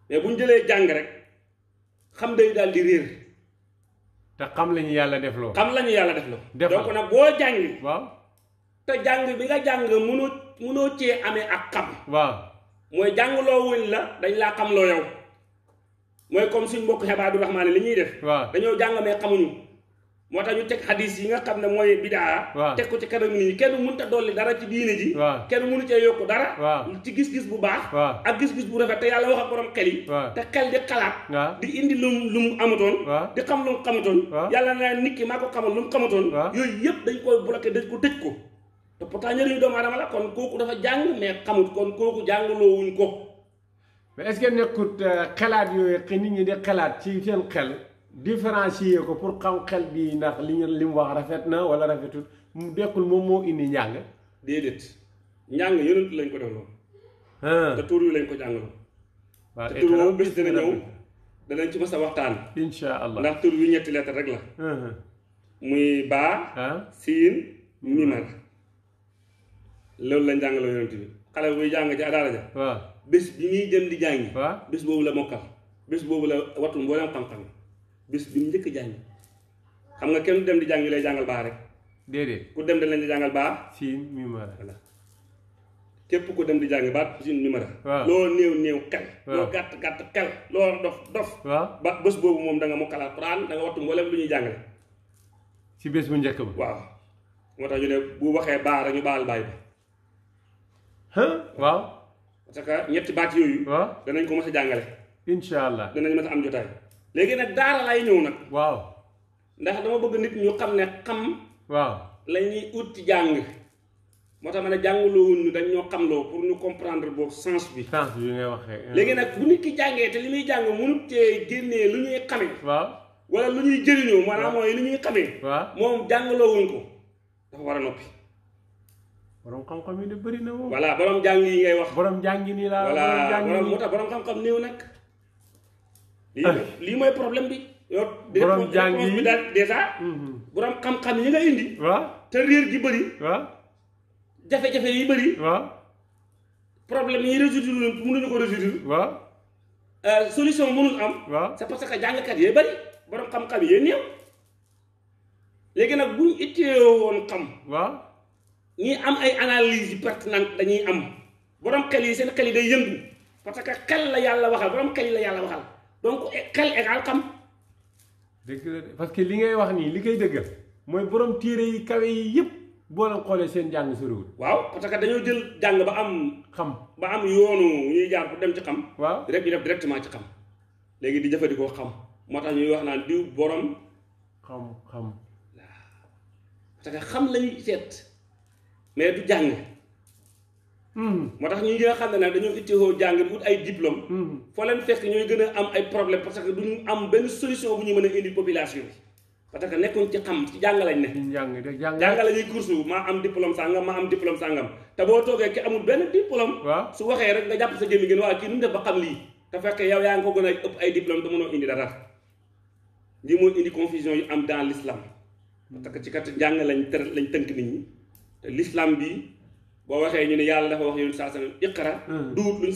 mais bu ñu jëlee jàng rek xam dañu daal di réer. te xam lañu yàlla def loo. xam lañu yàlla def loo. defal donc nag boo jàng. waaw te jàng bi nga jàng mënoo mënoo cee amee ak xam. waaw mooy jàngloo wuñ la dañ laa xam loo yow. mooy comme suñ mbokk xebaadu rahmaani li ñuy def. waaw dañoo jàng xamuñu. moo tax ñu teg xadis yi nga xam ne mooy bidaa teg ko ci kanam nit ñi kenn mënut a dolli dara ci diine ji kenn mënu cee yokku dara ci gis-gis bu baax ak gis-gis bu rafet te yàlla wax ak borom xel yi te xel di xalaat di indi lum lu mu amutoon di xam lu mu xamutoon yàlla na nit ki maa ko xamal lu mu xamutoon yooyu yëpp dañ koy bloqué dañ ko tëj ko te pourtant njëriñu doomu aadama la kon kooku dafa jàng mais xamut kon kooku jàngaloo wuñ ko mais est-ce que nekkut euh, xelaat yooyu nit ñi di xelaat ci seen xel différencier ko pour xam xel bi ndax li ñu li mu wax rafet na wala rafetul mu dekkul moom moo indi njàng. déedéet njàng yonent lañ ko def loolu. Ah. te tur wi lañ ko jàngaloo. waaw te tur woowu bés dana ñëw danañ ci mës a waxtaan. incha allah ndax wi ñetti lettre rek la. Ah. muy baa. Ah. siin mimar. loolu lañ jàngaloo yonent bi xale buy jàng ci adaara ja. waaw bi ñuy jëm di jàngi. waaw bés boobu la mokkal. bis boobu la wattu mboolem xam-xam. bis bi ñu njëkk jàng xam nga kenn du dem di jàng ñu lay jàngal baax rek. déedéet ku dem dañ leen di jàngal baax. siin mimara voilà képp ku dem di jàng baat siin mimara. waaw loo néew néew xel. loo gàtt gàtt xel loo dof dof. ba bës boobu moom danga nga mokkal alxuraan da nga wattu mboolem lu ñuy jàngale. ci bés bu njëkk bi waaw moo tax ñu bu waxee baax rek ñu baal bàyyi ko. waaw. parce que ñetti baat yooyu. waaw danañ ko mës a jàngale. incha allah danañ mës a am jotaay. léegi nag daara lay ñëw nag. waaw ndax dama bëgg nit ñu xam ne xam. waaw la ñuy ut ci jàng. moo tax ma ne jàngaloo wuñ dañ ñoo xam loo pour ñu comprendre boobu sens bi. sens bi ngay waxee. léegi nag bu nit ki jàngee te li muy jàng mënut cee génnee lu ñuy xamee. waaw wala lu ñuy jëriñoo. maanaam yi lu ñuy xamee. waaw moom jàngaloo wuñ ko dafa war a noppi. borom xam-xam yi de bari na moom. voilà borom jàng yi ngay wax. borom jàngi nii laa. borom borom moo tax borom nag. lii ah. lii mooy problème bi. yow borom jàng yi bi daal dèjà. Hmm. borom xam-xam yi nga indi. te réer gi bëri. waaw jafe-jafe yi bëri. problème yi résoudre mënuñu ko résoudre. waaw euh, solution mënul am. waaw c'est parce que jàngkat yee bëri borom xam-xam yee néew. léegi nag bu ñu itteewoo woon xam. waaw am ay analyses yu pertinentes dañuy am borom xel yi seen xel yi day yëngu parce xel la yàlla waxal borom xel yi la yàlla waxal. donc xel égal xam. dëgg la parce que li ngay wax nii li koy dëggal mooy borom téere yi kawe yi yëpp boo leen xoolee seen jàng soriwul. waaw parce que dañoo jël jàng ba am. xam ba am yoonu ñuy jaar pour dem ci xam. waaw rek ñu def directement ci xam. léegi di jëfandikoo xam moo tax ñuy wax naan diw borom. xam xam. waaw parce que xam lañuy seet mais du jàng. moo tax ñi nga xam ne nag dañoo ittiwoo jàng wut ay diplôme foo leen fekk ñooy gën a am ay problème parce que duñu am benn solution bu ñu mën a indi population bi parce que nekkuñ ci xam ci jàng lañ ne jàng la ñuy course maa am diplôme sàngam maa am diplôme sàngam te boo toogee ki amul benn diplôme su waxee rek nga jàpp sa gémmi gën waa kii nu def ba xam lii te fekkee yow yaa ngi ko gën a ëpp ay dara lii mooy indi confusion yu am dans l'islam parce que ci kat lañ tër lañ tënk nit ñi te l'islam bi boo waxee ñu ne yàlla dafa wax yonent saa sallam iqra hmm. duut lu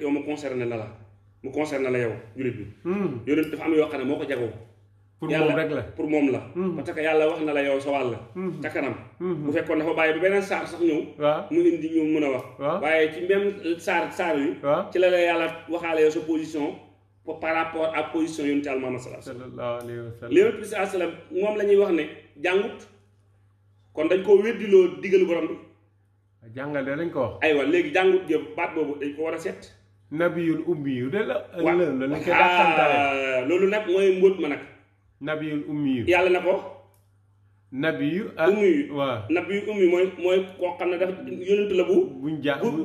yow mu la la hmm. yoo xam ne ko jagoo pour moom rek la la hmm. parce que yàlla na la yow sa wàll ca kanam bu fekkoon ba beneen saar sax ñëw waaw mu a wax waaye ci même saar la la yàlla sa position par rapport ak position yonent yàlla Muhammad sallallahu alayhi wa sallam yonent bi moom la ñuy wax ne jàngut kon dañ koo weddiloo digalu borom bi jàngale lañ ko wax. aywa léegi jàngut jëm baat boobu dañ ko war a set. nabiyul ummi yu de la. waaw ah, loolu nag mooy mbóot ma nag. nabiyul yu. yàlla na ko. nabiyu ak ah, ummi yu waaw. nabiyu ummi mooy ne dafa la bu. bu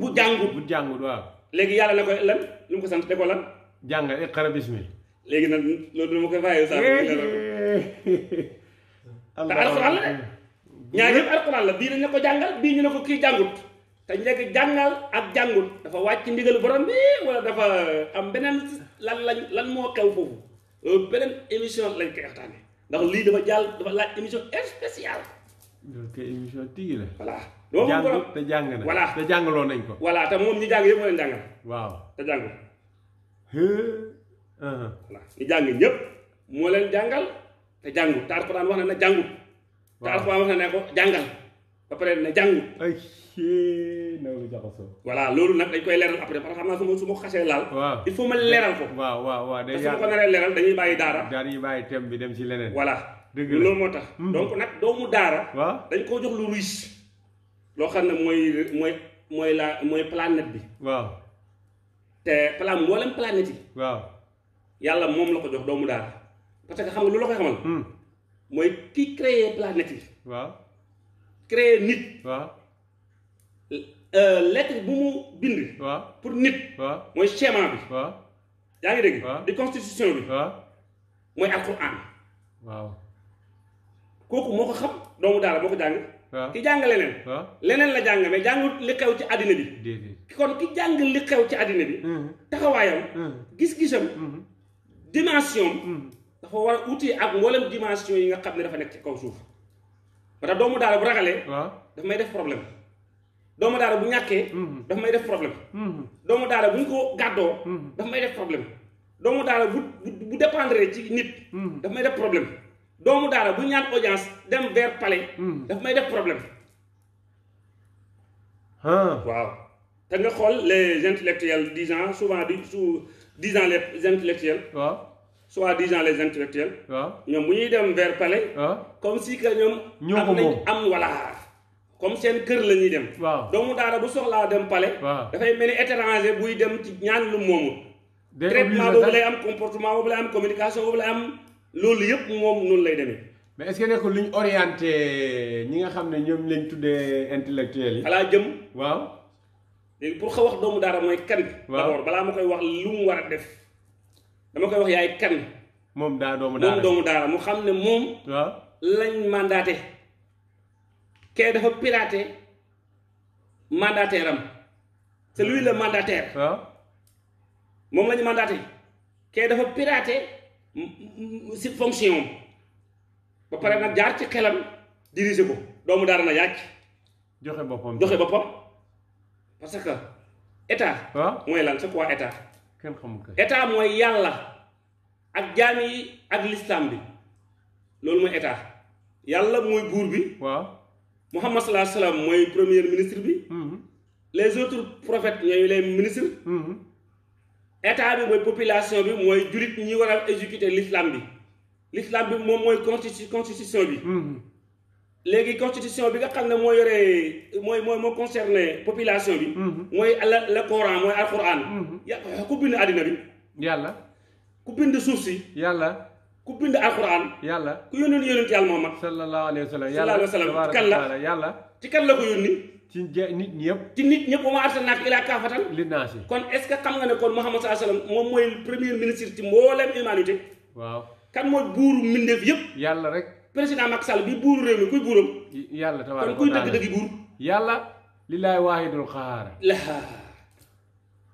bu bu bu jàngut waaw. léegi yàlla na koy lan lu mu ko sant de ko lan. jàngal iqra bismi. léegi nag loolu dama koy bàyyi saa. Eh, eh, eh, te alxuraan de. ñaar yëpp alxuraan la bii dañ la ko jàngal bii ñu ne ko kii jàngut te njëkk jàngal ak jàngut dafa wàcc ndigalu borom bi wala dafa am beneen lan lañ lan moo xew foofu beneen émission lañ koy waxtaanee ndax lii dafa jàll dafa laaj émission spéciale. donc émission tii la. voilà loolu moom te jàng na voilà te jàngaloo nañ ko. voilà te moom ñi jàng yëpp moo uh-huh. jàng ñëpp moo leen jàngal te jàngut te alxuraan wax na ne jàngut. te alxuraan wax na ne ko jàngal ba pare ne jàngut ay loolu jaxasoo loolu nag dañ koy leeral après parce que xam naa su ma su ma xasee laal waaw il ma leeral ko waaw waaw waaw su ma ko naree leeral dañuy bàyyi daara dañuy bàyyi thème bi dem ci leneen voilà dëgg la loolu moo tax hmm. donc nag doomu daara waaw dañ koo jox lu riche loo xam ne mooy mooy mooy la mooy planète bi waaw te plan mboolem planète yi waaw yàlla moom la ko jox doomu daara parce que xam nga lu la koy xamal hmm. mooy ki créer planète yi. waaw créer nit. waaw euh, lettre mu bind. pour nit. mooy schéma bi. waaw yaa di constitution bi. waaw mooy alquran. waaw kooku moo ko xam doomu daara moo ko jàng. ki jàng leneen. leneen la jàng mais jàngul li xew ci àddina bi. kon ki jàng li xew ci àddina bi. Mm-hmm. taxawaayam. Mm-hmm. gis-gisam. Mm-hmm. dimension dafa war a uti ak mboolem dimension yi nga xam ne dafa nekk ci kaw suuf ba tax doomu daara bu ragalee. waaw daf may def problème. doomu daala bu ñàkkee. Mm-hmm. daf def problème. Mm-hmm. doomu daara bu ñu ko gàddoo. Mm-hmm. daf may def problème. doomu daara bu bu dépendre ci nit. daf def problème. doomu daara bu ñaan audience dem vers palais. daf may def problème. waaw te nga xool les intellectuels dix ans souvent di su dix ans les intellectuels soi-disant les intellectuels. waaw ñoom bu ñuy dem vers palais. comme si que ñoom. ñoo ko moom am nañ am wala comme seen kër la ñuy dem. waaw doomu daara bu soxlaa dem pale waaw dafay mel ni étranger buy dem ci ñaan lu moomu. traitement boobu lay am comportement boobu lay am communication boobu lay am loolu yëpp moom noonu lay demee. mais est que nekkul lu ñu orienté ñi nga xam ne ñoom lañ tuddee intellectuels yi. xalaa jëm. waaw léegi pour xa wax doomu daara mooy kan. waaw d'abord balaa ma koy wax lu mu war a def. dama koy wax yaay kan. moom daa doomu daara moom doomu daara mu xam ne moom. waaw lañ mandaté. dafa piraté mandataire am. c'est lui le mandataire. moom la ñu mandaté. kee dafa piraté si fonction ba pare nag jaar ci xelam diriger ko doomu daara na yàcc. joxe boppam joxe boppam parce que état. waaw mooy lan c'est quoi état. kenn xamul ko état mooy yàlla ak jaam yi ak lislaam bi loolu mooy état yàlla mooy buur bi. waaw Muhammad salaa salaam mooy premier ministre bi. Hmm. les autres prophètes ñooy les ministres. Hmm. état bi mooy population bi mooy jurit ñi war a exécuter l'islam bi l'islam bi moom mooy constitution bi. Hmm. léegi constitution bi nga xam ne moo yore mooy moo concerné population bi. Mm-hmm. mooy la le Coran mooy alquran. Mm-hmm. yàlla ku bind àddina bi. yàlla. ku bind suuf si. yàlla. ku bind alquran. yàlla ku yónni yónent yàlla Muhammad. sallallahu alayhi wa sallam yàlla sallallahu alayhi wa sallam yàlla. ci kan la ko yónni. ci nit ñëpp. ci nit ñëpp wa maa arsalnaaka illaa kaafatan linnaas kon est ce que xam nga ne kon Muhammad sallallahu alayhi wa sallam moom mooy premier ministre ci mboolem humanité. waaw kan mooy buuru mbindeef yëpp. yàlla rek. président Macky Sall bi buuru réew mi kuy buuram. yàlla tabaaraka kon kuy dëgg-dëgg buur. yàlla li laay waahidul xaar.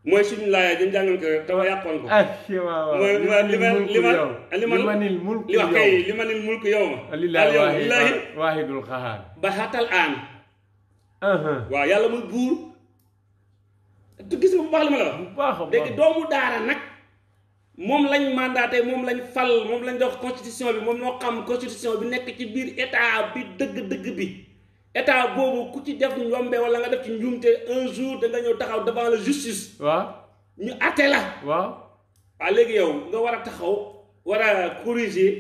mooy suñu laaya jëm jàngal ko tawa yàqoon ko. Ah, waaw mooy li ma li ma li ma li ma li ma kay li ma nil mulk yow ma. li laay waahidul xaar. ba xatal aan. waaw yàlla muy buur. gis nga bu baax li ma la wax. bu baax a baax léegi doomu daara nag. moom lañ mandaté moom lañ fal moom lañ dox constitution bi moom noo xam constitution bi nekk ci biir état bi dëgg-dëgg bi état boobu ku ci def njombe wala nga def ci njuumte un jour da nga ñëw taxaw devant la justice. waaw ñu àtte la. waa waaw léegi yow nga war a taxaw war a corriger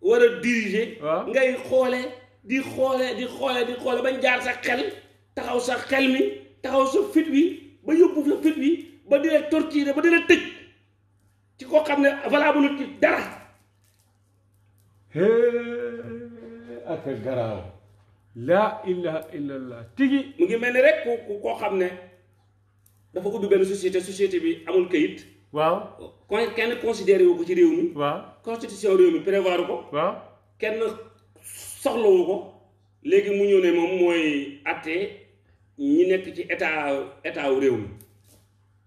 war a diriger. ngay xoole di xoole di xoole di xoole bañ jaar sa xel taxaw sa xel mi taxaw sa fit wi ba yóbbu sa fit wi ba di la ba di tëj. ci koo xam ne valable ci dara ak garaaw laa ilaha illallah tigi mu ngi mel ni rek ku koo xam ne dafa ubbi benn société société bi amul kayit waaw kon kenn considéré wu ko ci réew mi waaw constitution réew mi prévoir ko waaw kenn soxlawu ko léegi mu ñëw ne moom mooy atte ñi nekk ci état état wu réew mi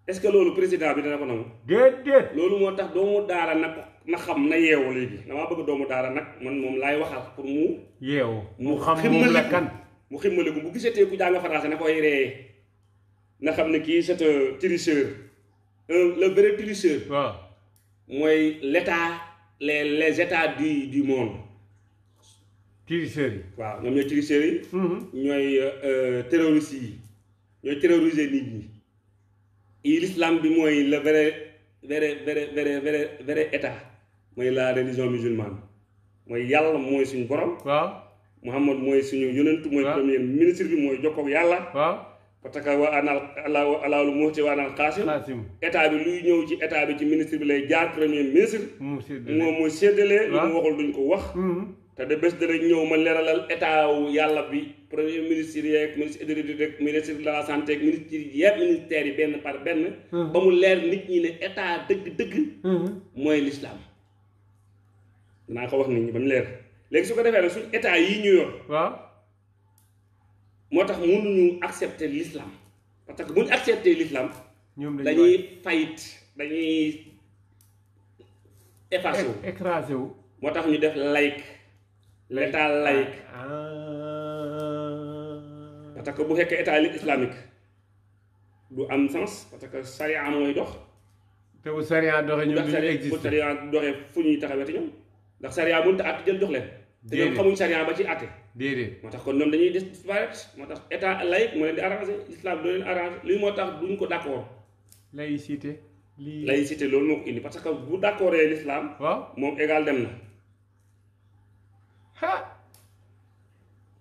est-ce que loolu président bi dana ko nangu. déedéet. loolu moo tax doomu daara nag na xam na yeewu léegi damaa bëgg doomu daara nag man moom laay waxal pour mu. yeewu mu xam moom la kan mu ximmaliku bu gisatee ku jàng français na koy ree na xam ne kii c'est un tricheur le vrai tricheur. mooy l'état les les états du du monde. tricheurs yi. waaw ñoom ñooy tricheurs yi. Mm-hmm. ñooy euh, terroristes yi ñooy terroriser nit ñi. i l'islam bi mooy le vrai vrai vrai vrai vrai vrai état mooy la religion musulmane mooy yàlla mooy suñu borom waaw Muhammad mooy suñu yonent mooy premier ministre bi mooy jokkoog yàlla waaw parce que wa anal ala alaalu muxti wa anal xaasim état bi luy ñëw ci état bi ci ministre bi lay jaar premier ministre moom mooy séddale lu mu waxul duñ ko wax mm-hmm. te de bés danañ ñëw ma leeralal état yàlla bi premier ministre yeeg ministre éducation rek ministre de la santé ak ministre yeeg ministères yi benn par benn. Hmm. ba mu leer nit ñi ne état dëgg-dëgg. Hmm. mooy l'islam. dinaa ko wax nit ñi ba mu leer léegi su ko defee nag suñ état yi ñu yor. waaw moo tax mënuñu accepter l'islam parce que bu ñu accepter l'islam. ñoom dañuy fayit dañuy effacé wu. wu. moo tax ñu def laïc. l'état laïque ah. parce bu fekkee état islamique du am sens parce que sariya mooy dox. te bu sariya doxee ñoom du ñu existé bu sariya doxee fu ñuy taxawati ñoom ndax sariya mënut a àtt jël jox leen. te ñoom xamuñ sariya ba ci àtte. déedéet moo tax kon ñoom dañuy disparaître moo tax état laïque moo moo tax duñ ko d' accord. laïcité. lii laïcité loolu moo ko indi parce que bu d' accordee l'islam. waaw moom égal dem na. ah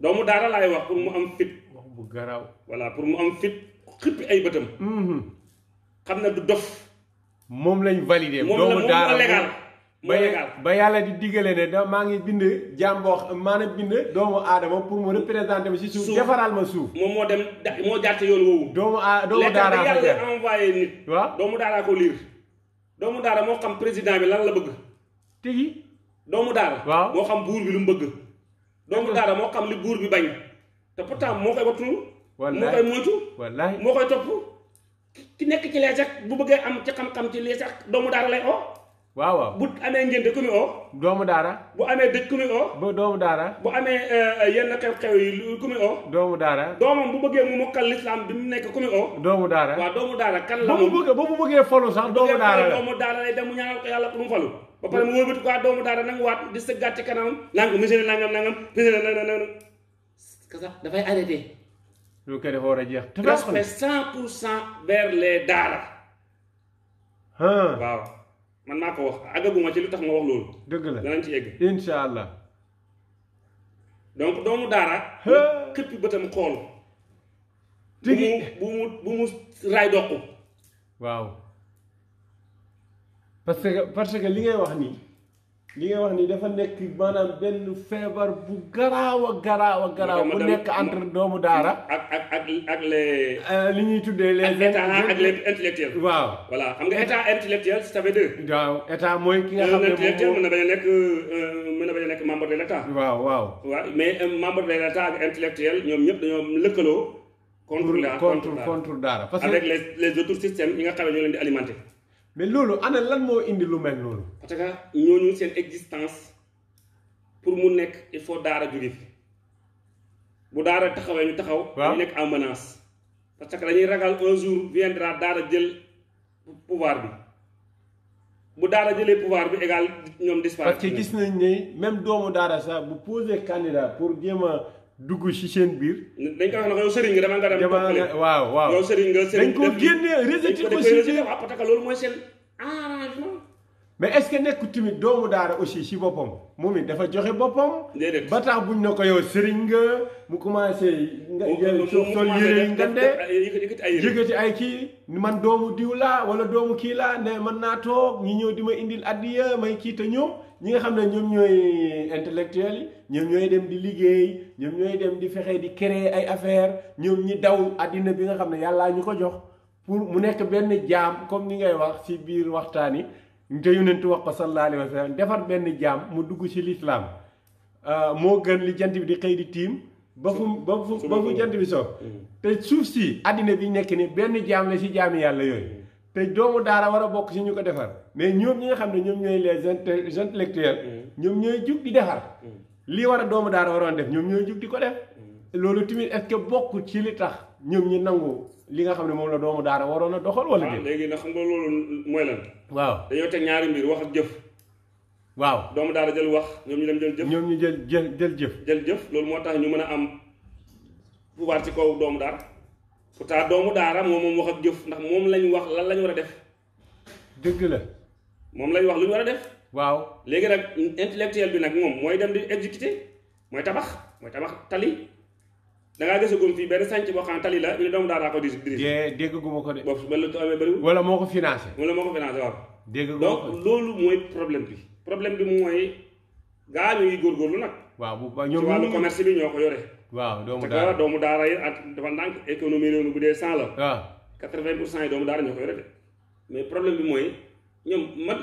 doomu daara laay wax pour mu am fit. wax bu garaaw. voilà pour mu am fit xippi ay bëtam. Mhm. xam na du dof. moom lañ validé. doomu daara légal ba yàlla di digale ne da maa ngi bind jaam boo bind doomu aadama pour mu représenté ma si suuf defaral ma suuf. moom moo dem da moo jàtte yoon woowu. doomu a doomu daara yàlla envoyé ko liir. doomu daara moo xam président bi lan la bëgg. tigi doomu daal waaw moo xam buur bi lu mu bëgg. doomu hmm. daara moo xam li buur bi bañ. te pourtant moo koy wattu. moo koy moytu. moo koy topp. ki nekk ci lees sax bu bëggee am ci xam-xam ci lees ak doomu daara lay oo. waaw waaw bu amee ngénte ku ñu oo doomu daara bu amee dëj ku ñu oo daara bu amee eh, yenn xew-xew yi ku ñu oo doomu daara doomam bu bëggee mu mokkal lislaam bi mu nekk ku ñu oo doomu daara waaw doomu daara kan la mu bëggee ba mu bëggee falu sax doomu daara la doomu daara lay dem mu ñaanal ko yàlla ko mu falu ba pare mu wëlbati quoi doomu daara nanga waat di sa gàtt kanam naan ko monsieur nangam nangam monsieur nangam nangam sax dafay arrêté lu ko def war a jeex respect cent pour cent vers les daara waaw man maa ko wax àggaguma ci lu tax ma wax loolu. dëgg la danañ ci egg. incha allah. donc doomu daara. xëppi bëtam xool. tigi bu mu bu mu raay doq. waaw parce que parce que li ngay wax nii. li nga wax nii dafa nekk maanaam benn feebar bu garaaw a garaaw garaaw bu nekk entre doomu daara. ak ak ak ak les. Euh, li ñuy tuddee les. état ak les intellectuels. waaw voilà xam nga état intellectuel ça fait deux. waaw état mooy ki nga xam ne intellectuel mën na bañ a nekk euh, mën na a de l' état. waaw waaw. waaw mais euh, membre de l' état ak intellectuel ñoom ñëpp dañoo lëkkaloo. contre contre contre daara parce que avec les les autres systèmes yi nga xam ne leen di alimenter. mais loolu ana lan moo indi lu mel noonu. parce que ñooñu seen existence pour mu nekk il faut daara jóge fi bu daara taxawee ñu taxaw. waaw nekk en menace. parce que dañuy ragal un jour daara jël pouvoir bi bu daara jëlee pouvoir bi égal ñoom disparaître. parce gis nañ ne même doomu daara sax bu posé candidat pour jéem dugg ci seen biir. dañ ko nga dama nga dem. waaw waaw yow sëriñ nga. sëriñ ko génnee rejeté ko ah, ci loolu mooy seen mais est-ce que nekku tamit doomu daara aussi ci boppam moom it dafa joxe boppam. déedéet ba tax buñ ne ko yow sëriñ nga mu commencé. nga sol yére yi nga de yëkkati ay yëkkati ay kii. man doomu diw laa wala doomu kii laa ne mën naa toog ñi ñëw di ma indil addiya may kii te ñëw. ñi nga xam ne ñoom ñooy intellectuels yi ñoom ñooy dem di liggéey ñoom ñooy dem di fexe di créer ay affaire ñoom ñi daw àddina bi nga xam ne yàllaa ñu ko jox pour mu nekk benn jaam comme ni ngay wax ci biir waxtaan yi te yonentu wax ko sallallahu alayhi defar benn jaam mu dugg ci lislaam euh, moo gën li jant bi di xëy di tiim ba fu ba fu ba fu jant bi so mm. te suuf si àddina bi nekk ni benn jaam la si jaami yàlla yooyu te doomu daara war a bokk si ñu ko defar mais ñoom ñi nga xam ne ñoom ñooy les intellectuels mm. ñoom ñooy jug di defar mm. lii war a doomu daara waroon def ñoom ñooy jub di ko def mm. loolu tamit est-ce que bokk ci li tax ñoom ñi nangu li nga xam ne moom la doomu daara waroon a doxal wala ah, déet léegi nag xam nga loolu mooy lan waaw dañoo teg ñaari mbir wax ak jëf waaw doomu daara jël wax ñoom ñu dem jël jëf ñu jël jël jël jëf jël jëf loolu moo tax ñu mën a am pouvoir ci kaw doomu daara pourtant doomu daara moom moom wax ak jëf ndax moom lañ wax lan lañu war a def. dëgg la. moom lañ wax lu ñu war a def. waaw léegi nag intellectuel bi nag moom mooy dem di exécuter mooy tabax mooy tabax tali da ngaa gisagum fii benn sànc boo xam tali la ñu ne doomu daara ko di dirige. dégguma ko de. boobu ba la amee bëriwul. wala moo ko financé. wala moo ko financé waaw. dégguma ko donc loolu mooy problème bi. problème bi mooy gaa ñuy góorgóorlu nag. waaw bu ba ñoom ko waaw doomu daal te doomu daara yi at dafa ndànk économie réew mi bu dee cent la. waaw quatre-vingt pour cent yi doomu daara ñoo ko yore mais problème bi mooy ñoom mat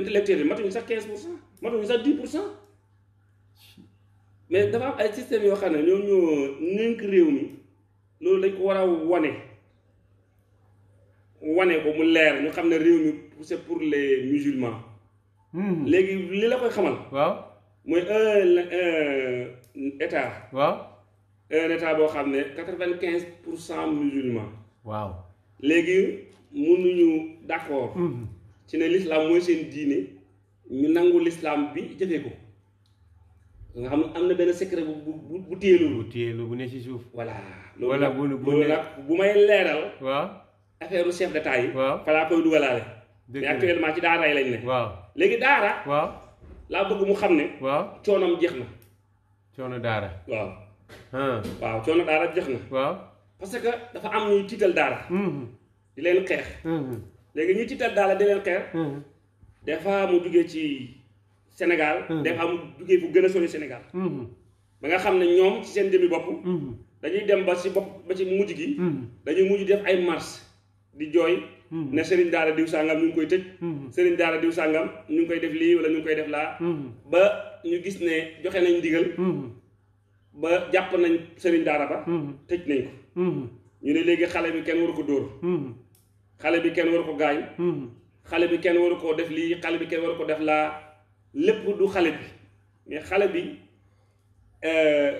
intellectuel yi matuñu sax quinze pour cent matuñu sax dix pour cent mais dafa am ay systèmes yoo xam ne ñoom ñoo nënk réew mi loolu dañ ko war a wane wane ko mu leer ñu xam ne réew mi c'est pour les musulmans. Hmm. léegi li la koy xamal. waaw mooy état. waaw. un boo xam ne quatre-vingt-quinze pour cent musulmans. waaw léegi mënuñu d'accord. Mm-hmm. ci ne l'islam mooy seen diine ñu nangu l'islam bi jëfee ko. nga xam ne am na benn secret bu bu bu téelu. bu téelu bu ne ci suuf. voilà loolu bu bu may leeral. waaw affaire chef d'état yi. waaw fa laa koy dugalaale. mais actuellement ci daara yi lañ ne. waaw léegi daara. waaw laa bëgg mu xam ne. waaw coonam jeex na. coono daara waaw. waaw coono daara jeex na. waaw parce que dafa am ñuy tiital daara. Hmm. di leen xeex. Hmm. léegi ñuy tiital daala di leen xeex. Hmm. des fois mu jugee ci senegal des fois mu jugee fu gën a sori Sénégal. ba nga xam ne ñoom ci seen jëmmi bopp. dañuy dem ba ci bopp ba ci mujj gi. dañuy mujj def ay marche di jooy. ne sëriñ daara diw sàngam ñu ngi koy tëj. sëriñ daara diw ñu ngi koy def lii wala ñu ngi koy def laa. ba ñu gis ne joxe nañ ndigal. ba jàpp nañ sëriñ daara ba hmm. tëj nañ ko hmm. ñu ne léegi xale bi kenn waru ko dóor hmm. xale bi kenn waru ko gaañ xale bi kenn waru koo def lii xale bi kenn waru ko def laa lépp du xale bi mais xale bi euh,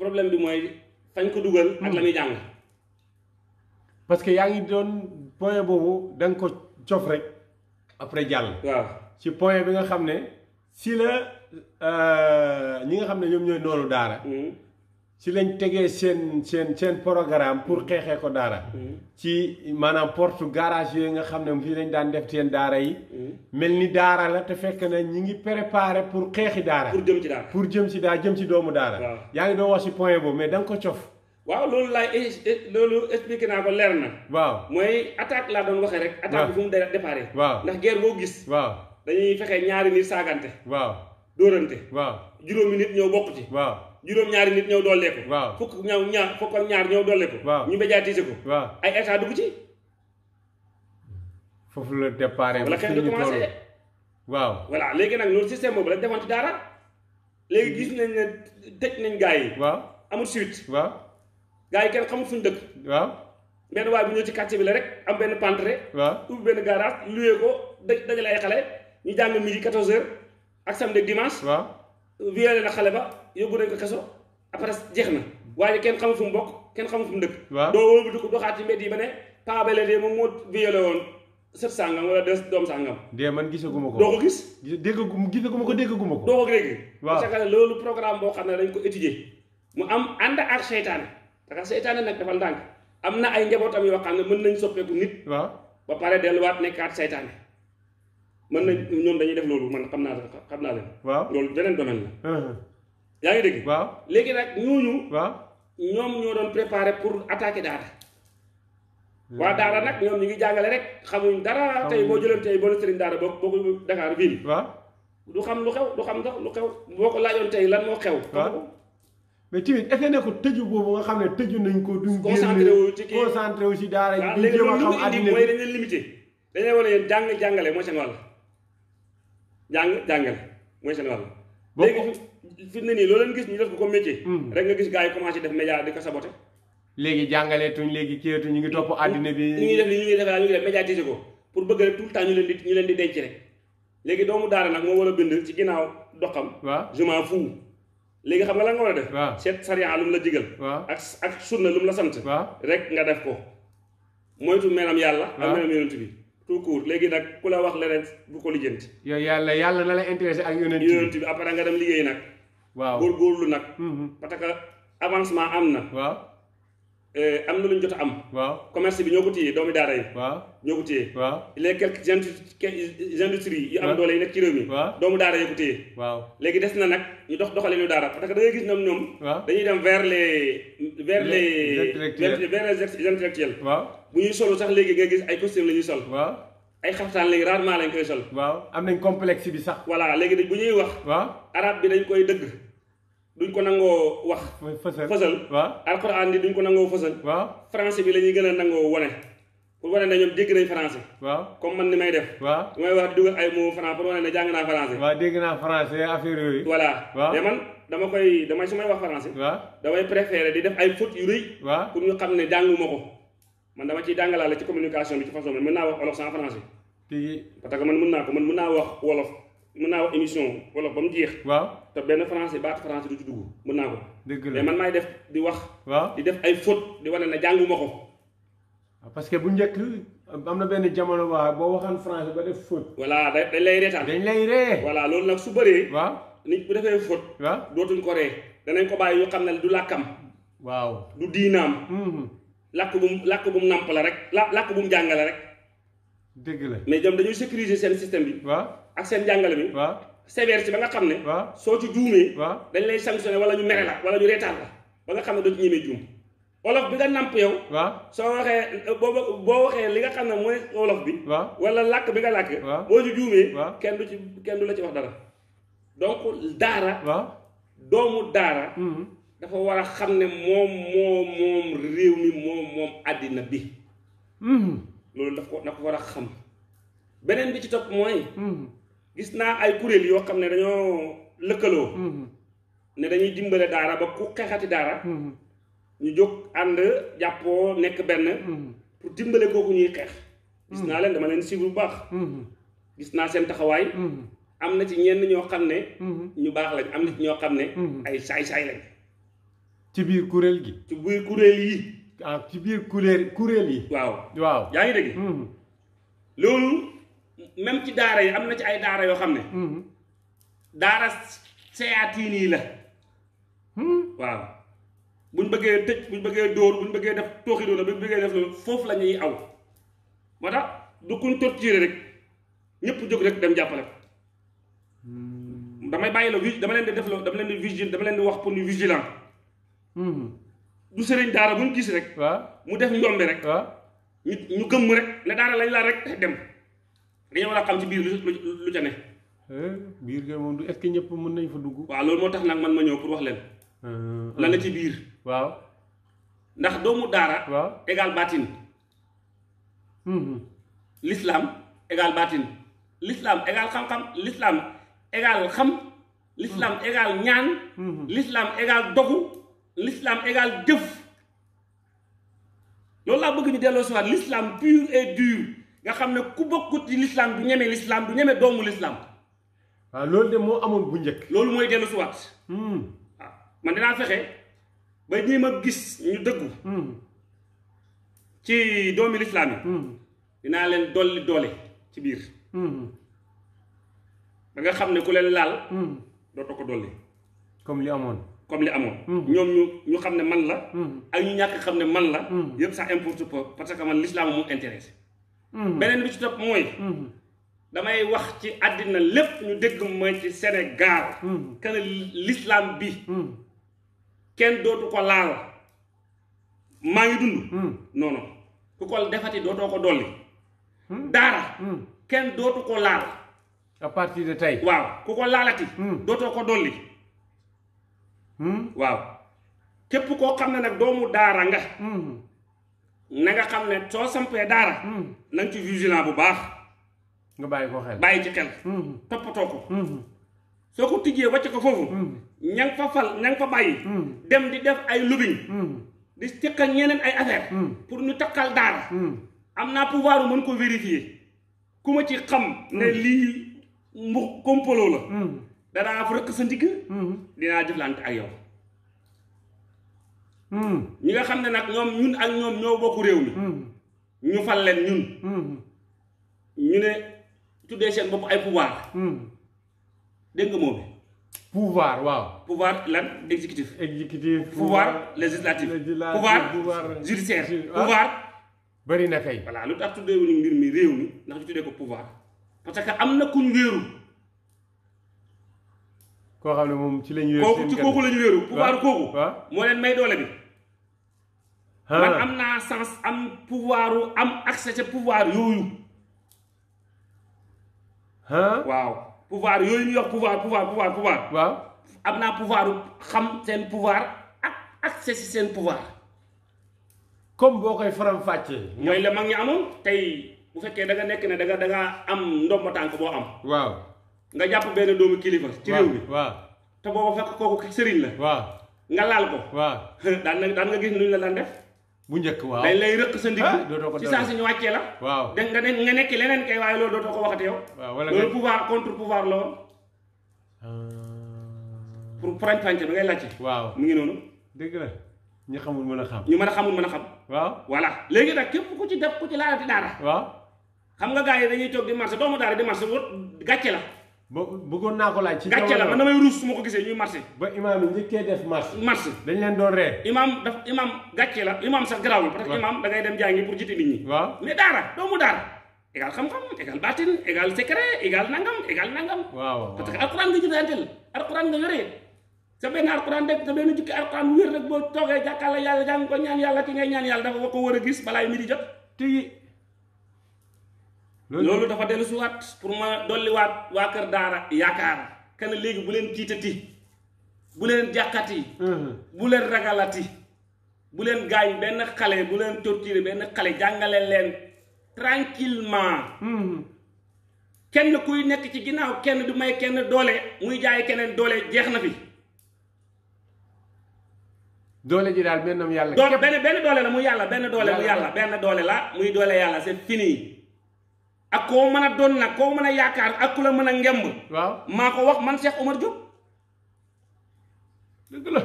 problème bi mooy fañ ko dugal ak la jàng parce que yaa ngi doon point boobu da ko cof rek après jàll waaw ci point bi nga xam ne si la Euh, ñi nga xam ne ñoom ñooy noonu daara hmm. ci lañ tegee seen seen seen programme pour hmm. xeexee ko daara hmm. ci maanaam porte garage yooyu nga xam ne fii lañ daan def seen daara yi mel ni daara la te fekk na ñi ngi préparé pour xeexi daara pour jëm ci daara pour jëm ci daara jëm ci doomu daara yaa ngi doon wax si point boobu mais da nga ko cof waaw loolu laay eh, eh, loolu expliqué naa ko leer na waaw mooy attaque laa doon waxee rek attaque bi fu mu déparé waaw ndax guerre boo gis waaw dañuy fexe ñaari nit saagante dóorante waaw juróomi nit ñëw bokk ci waaw juróom-ñaari nit ñëw dollee ko waaw fukk ñaw ñaar fukk ak ñaar ñëw dollee ko waaw ñu médiatiser ko waaw ay état dugg ci foofu la départ wala waaw voilà léegi nag loolu système boobu la defoon ci dara léegi gis nañ ne tëj nañ gaa yi waaw amul suite waaw gaa yi kenn xamul fuñu dëkk waaw benn waay bu ñëw ci quartier bi la rek am benn pantre waaw ubbi benn garage luyee ko daj dajale xale ñu jàng midi 14 heures ak samedi dimanche. waaw violé na xale ba yóbbu nañ ko kaso après jeex na waaye kenn xamul fu mu bokk kenn xamul fu mu dëkk. doo wóolu dugg doxaat ci mbedd yi ba ne paa ba léegi moom moo violé woon sët sàngam wala deux doom sàngam. dee man gisaguma ko. doo ko gis. déggagum gisaguma ko déggaguma ko. doo ko dégg. waaw parce que loolu programme boo xam ne dañ ko étudier mu am ànd ak seytaane parce que seytaane nag dafa ndànk am na ay am yoo xam ne mën nañ soppeeku nit. ba pare delluwaat nekkaat seytaane mën nañ ñoom dañuy def loolu man xam naa xam naa leen. waaw loolu beneen domaine la. yaa ngi dégg. waaw léegi nag ñooñu. waaw ñoom ñoo doon préparé pour attaquer daara. waa daara nag ñoom ñu ngi jàngale rek xamuñ dara. tey boo jëlee tey boo sëriñ daara boo boo ko Dakar ville. waaw xam lu xew du xam ndax lu xew boo ko laajoon tey lan moo xew. waaw mais tamit est-ce que nekkul tëju boobu nga xam ne tëju nañ ko. duñ concentré wu ci kii concentré wu ci daara yi. waaw léegi loolu li mooy jàng jàngale moo seen wàll jàng jàngale mooy seen wàll. léegi fi na nii loo leen gis ñu def ko comme métier. Hmm. rek nga gis gaa yi commencé def média di ko saboté. léegi jàngaleetuñ léegi kiyeetuñ ñu ngi topp àddina bi. ñu ngi def li ñu ngi def daal ñu ngi def médiatiser ko pour bëgg rek tout le ñu leen di ñu leen di denc rek. léegi doomu daara nag moo war a bind ci ginnaaw doxam. waaw je m'en léegi xam nga lan nga war a def. waaw seet sariya mu la digal. waaw ak ak na lu la sant. rek nga def ko moytu melam yàlla. ak melam yonent bi tout court léegi nag ku la wax leneen bu ko lijjanti. yow yàlla yàlla na la intéressé ak yonent bi yonent bi après nga dem liggéey nag. waaw góorgóorlu nag. Mm-hmm. parce que avancement am na. waaw. Euh, am na lu ñu jot am. waaw commerce bi ñoo ko téye doomi daara yi. waaw ñoo ko téye. waaw les quelques industries yu am doole yi nekk ci réew mi. waaw doomu daara yoo ko téye. waaw léegi des na nag ñu dox doxale doxalinu daara parce que da ngay gis ñoom ñoom. dañuy dem vers les. vers les vers les intellectuels. waaw bu ñuy solu sax léegi nga gis ay costume la ñuy sol. waaw ay xaftaan léegi rarement lañ koy sol. waaw am nañ complexe bi sax. voilà léegi bu ñuy wax. waaw arabe bi dañ koy dëgg. duñ ko nangoo wax. fësal fësal. waaw alxuraan bi duñ ko nangoo fësal. waaw bi la ñuy gën a nangoo wane. pour wane ne ñoom dégg nañ français. waaw comme man ni may def. waaw li may wax dugal ay mots français pour wane ne jàng naa français. waaw dégg naa français affaire yooyu. voilà mais man dama koy damay su may wax français. waaw damay préféré di def ay fautes yu rëy. waaw pour ñu xam ne jànguma ko. man dama ci ciy jàngalaale ci communication bi ci façon bi mën naa wax olof sans français. parce que man mën naa ko man mën naa wax wax émission wolof ba mu jeex. te benn français baat français du ci dugg mën naa ko. dëgg la mais man maay def di wax. waa di def ay faute di wane na jànguma ko. Ah, parce que bu njëkk am na benn jamono waa boo waxaan français ba def faute. voilà dañ lay reetaan. dañ lay ree. voilà loolu nag su bëree. waa nit bu defee faute. waaw dootuñ ko ree danañ ko bàyyi yoo xam ne du am waaw du diinaam. Mm-hmm. làkk bu mu làkk bu mu nàmp la rek la làkk bu mu jàngale rek. dégg la mais ñoom dañuy sécuriser seen système bi. waaw jàngale bi. waaw sévère ci ba nga xam ne. waaw soo ci juumee. waaw dañ lay sanctionné wala ñu mere la wala ñu reetaan la ba nga xam ne doo ci ñemee juum olof bi nga nàmp yow. waaw soo waxee euh, boo boo waxee li nga xam ne mooy olof bi. waaw wala làkk bi nga làkk. waaw boo ci juumee. kenn du ci kenn du la ci wax dara. donc daara. doomu daara. Mm-hmm. dafa war a xam ne moom moom moom réew mi moom moom àddina bi. Mm-hmm. loolu daf ko daf ko war a xam. beneen bi ci topp mooy. Mm-hmm. gis naa ay kuréel yoo xam ne dañoo lëkkaloo mhm. ne dañuy dimbale daara ba ku xeexati daara mhm. ñu jóg ànd jàppoo nekk benn mhm. pour dimbale kooku ñuy xeex gis naa leen dama leen suivre bu baax gis naa seen taxawaay am na ci ñenn ñoo xam ne ñu baax lañ am na ci ñoo xam ne ay saay-saay lañ ci biir kuréel gi ci biir kuréel yi waaw ah ci biir kuréel kuréel yi waaw waaw yaa ngi loolu même ci daara yi am na ci ay daara yoo xam ne hmm. daara seyatiin yi la hmm. waaw buñ bëggee tëj buñ bëggee dóor buñ bëggee def tooxi doona buñ bëggee def loolu foofu la ñuy aw moo tax du kuñ torturé rek ñëpp jóg rek dem jàppale ko hmm. damay bàyyi la vi dama leen di def la dama leen di vigile dama leen di wax pour ñu vigilant du sëriñ daara buñ gis rek mu def njombe rek ñu gëmm rek ne daara lañ la rek dem dañoo war a xam ci biir lu lu ca ne. Eh, biir kay moom du est-ce que ñëpp mën nañ fa dugg. waaw loolu moo tax nag man ma ñëw pour wax leen. Eh, la nga eh. ci biir. waaw. ndax doomu daara. waaw égal baatin. Mm-hmm. l'islam égal baatin. l'islam égal xam-xam l'islam égal xam. l'islam mm-hmm. égal ñaan. Mm-hmm. l'islam égal dogu. l'islam égal jëf. loolu laa bëgg ñu delloo si waat l'islam et dur. nga xam ne ku bokkut ci lislaam du ñeme lislaam du ñeme doomu lislaam waaw ah, loolu de moo amoon bu njëkk loolu mooy dellu suwaat waaw hmm. ah, man dinaa fexe ba ñi ma gis ñu dëggu hmm. ci doomi lislaam yi hmm. dinaa leen dolli doole ci biir ba nga xam ne ku leen laal dootoo ko dolli comme li amoon comme li amoon ñoom ñu ñu xam ne man la ak ñu ñàkk xam ne man la yëpp ça importe peu parce que man lislaam moo intéressé Mhm. beneen bi ci topp mooy mhm. damay wax ci àddina lépp ñu dégg ma ci Sénégal kenn mhm. l'islam bi kenn dootu ko laal maa ngi dund non ku ko defati dootoo ko dolli daara kenn dootu ko laal à partir de waaw ku ko laalati dootoo ko dolli waaw képp koo xam ne nag doomu daara nga na nga xam ne soo sampee daara. Hmm. na nga ci vigilant bu baax. nga bàyyi ko xel bàyyi ci xel. Hmm. toppatoo ko. Hmm. soo ko tijjee wàcc ko foofu. ña nga fa fal ña fa bàyyi. dem di def ay lubiñ. di ka ñeneen ay affaire pour ñu takkal daara. am naa pouvoir mën ko vérifie ku ci xam. ne lii mbu kompolo la. danaa fa rëkk sa ndigg. dinaa jëflante ak yow. Hmm. ñi nga xam ne nag ñoom ñun ak ñoom ñoo bokk réew mi hmm. ñu fal leen ñun hmm. ñu ne tuddee seen bopp ay pouvoir dégg nga moom bi pouvoir waaw pouvoir lan exécutif exécutif pouvoir législatif pouvoir judiciaire ah. pouvoir bari na kay voilà lu tax tuddee wuñu mbir mi réew mi ndax ñu tuddee ko pouvoir parce que am na kuñ wéeru koo ne moom ci lañ wéeru kooku ci kooku lañu wéeru pouvoir kooku moo leen may doole bi man am naa sens am pouvoir am accès ca pouvoir yooyu waaw pouvoir yooyu ñu wax pouvoir pouvoir pouvoir pouvoir waaw am naa pouvoir xam seen pouvoir ak accès si seen pouvoir comme boo koy faram-fàccee mooy la mag ñi amoon tey bu fekkee da nga nekk ne danga nga da nga am ndomba tànk boo am waaw nga jàpp benn doomu kilifa ci réew mi waaw te booba fekk kooku sëriñ la waa nga laal ko waaw [laughs] daan na daan nga gis nuñ la daan def bu njëkk waaw dañ lay rëq sa ndigg ci ah, saa si ñu wàccee la waaw da nga nga nekk leneen kay waaye loolu dootoo ko waxate yow loolu pouvoir contre pouvoir la woon euh. pour faram fàcce bi ngay laajte waaw mu ngi noonu dëgg la ñu xamul mën a xam ñu mën a xamul mën a xam waaw voilà léegi nag képp ku ci def ku ci laa laalati daara waaw xam nga gars yi dañuy toog di marché doomu daara di marché wut gàcce la ba bëggoon naa ko laaj. ci gàcce la man damay ruus su ma ko gisee ñuy marché. ba imaam yi njëkkee def marché. marché dañ leen doon ree. imaam daf imaam gàcce la imaam sax garaawul. parce que imaam da dem jàngi pour jite nit ñi. waaw daara doomu daara. égal xam-xam égal baatin égal secret égal nangam égal nangam. parce que alxuraan nga jëfandanteel alxuraan nga yore sa benn alxuraan rek sa benn jukki alxuraan wér rek boo toogee jàkkaarloo yàlla jàng ko loolu dafa dellu si pour ma dolliwaat waa kër daara yaakaar kana léegi bu leen tiitati bu leen jàqati mhm. bu leen ragalati bu leen gaañ benn xale bu leen torturé benn xale jàngale leen tranquillement mhm. kenn kuy nekk ci ginnaaw kenn du may kenn doole muy jaay keneen doole jeex na fi doole ji daal benn yàlla. benn benn doole la mu yàlla benn doole yàlla benn doole la muy doole yàlla seen fini. ak koo mën a doon nag koo mën a yaakaar ak ku la mën a ngemb. waaw maa ko wax man Cheikh Omar Diop. dëgg la.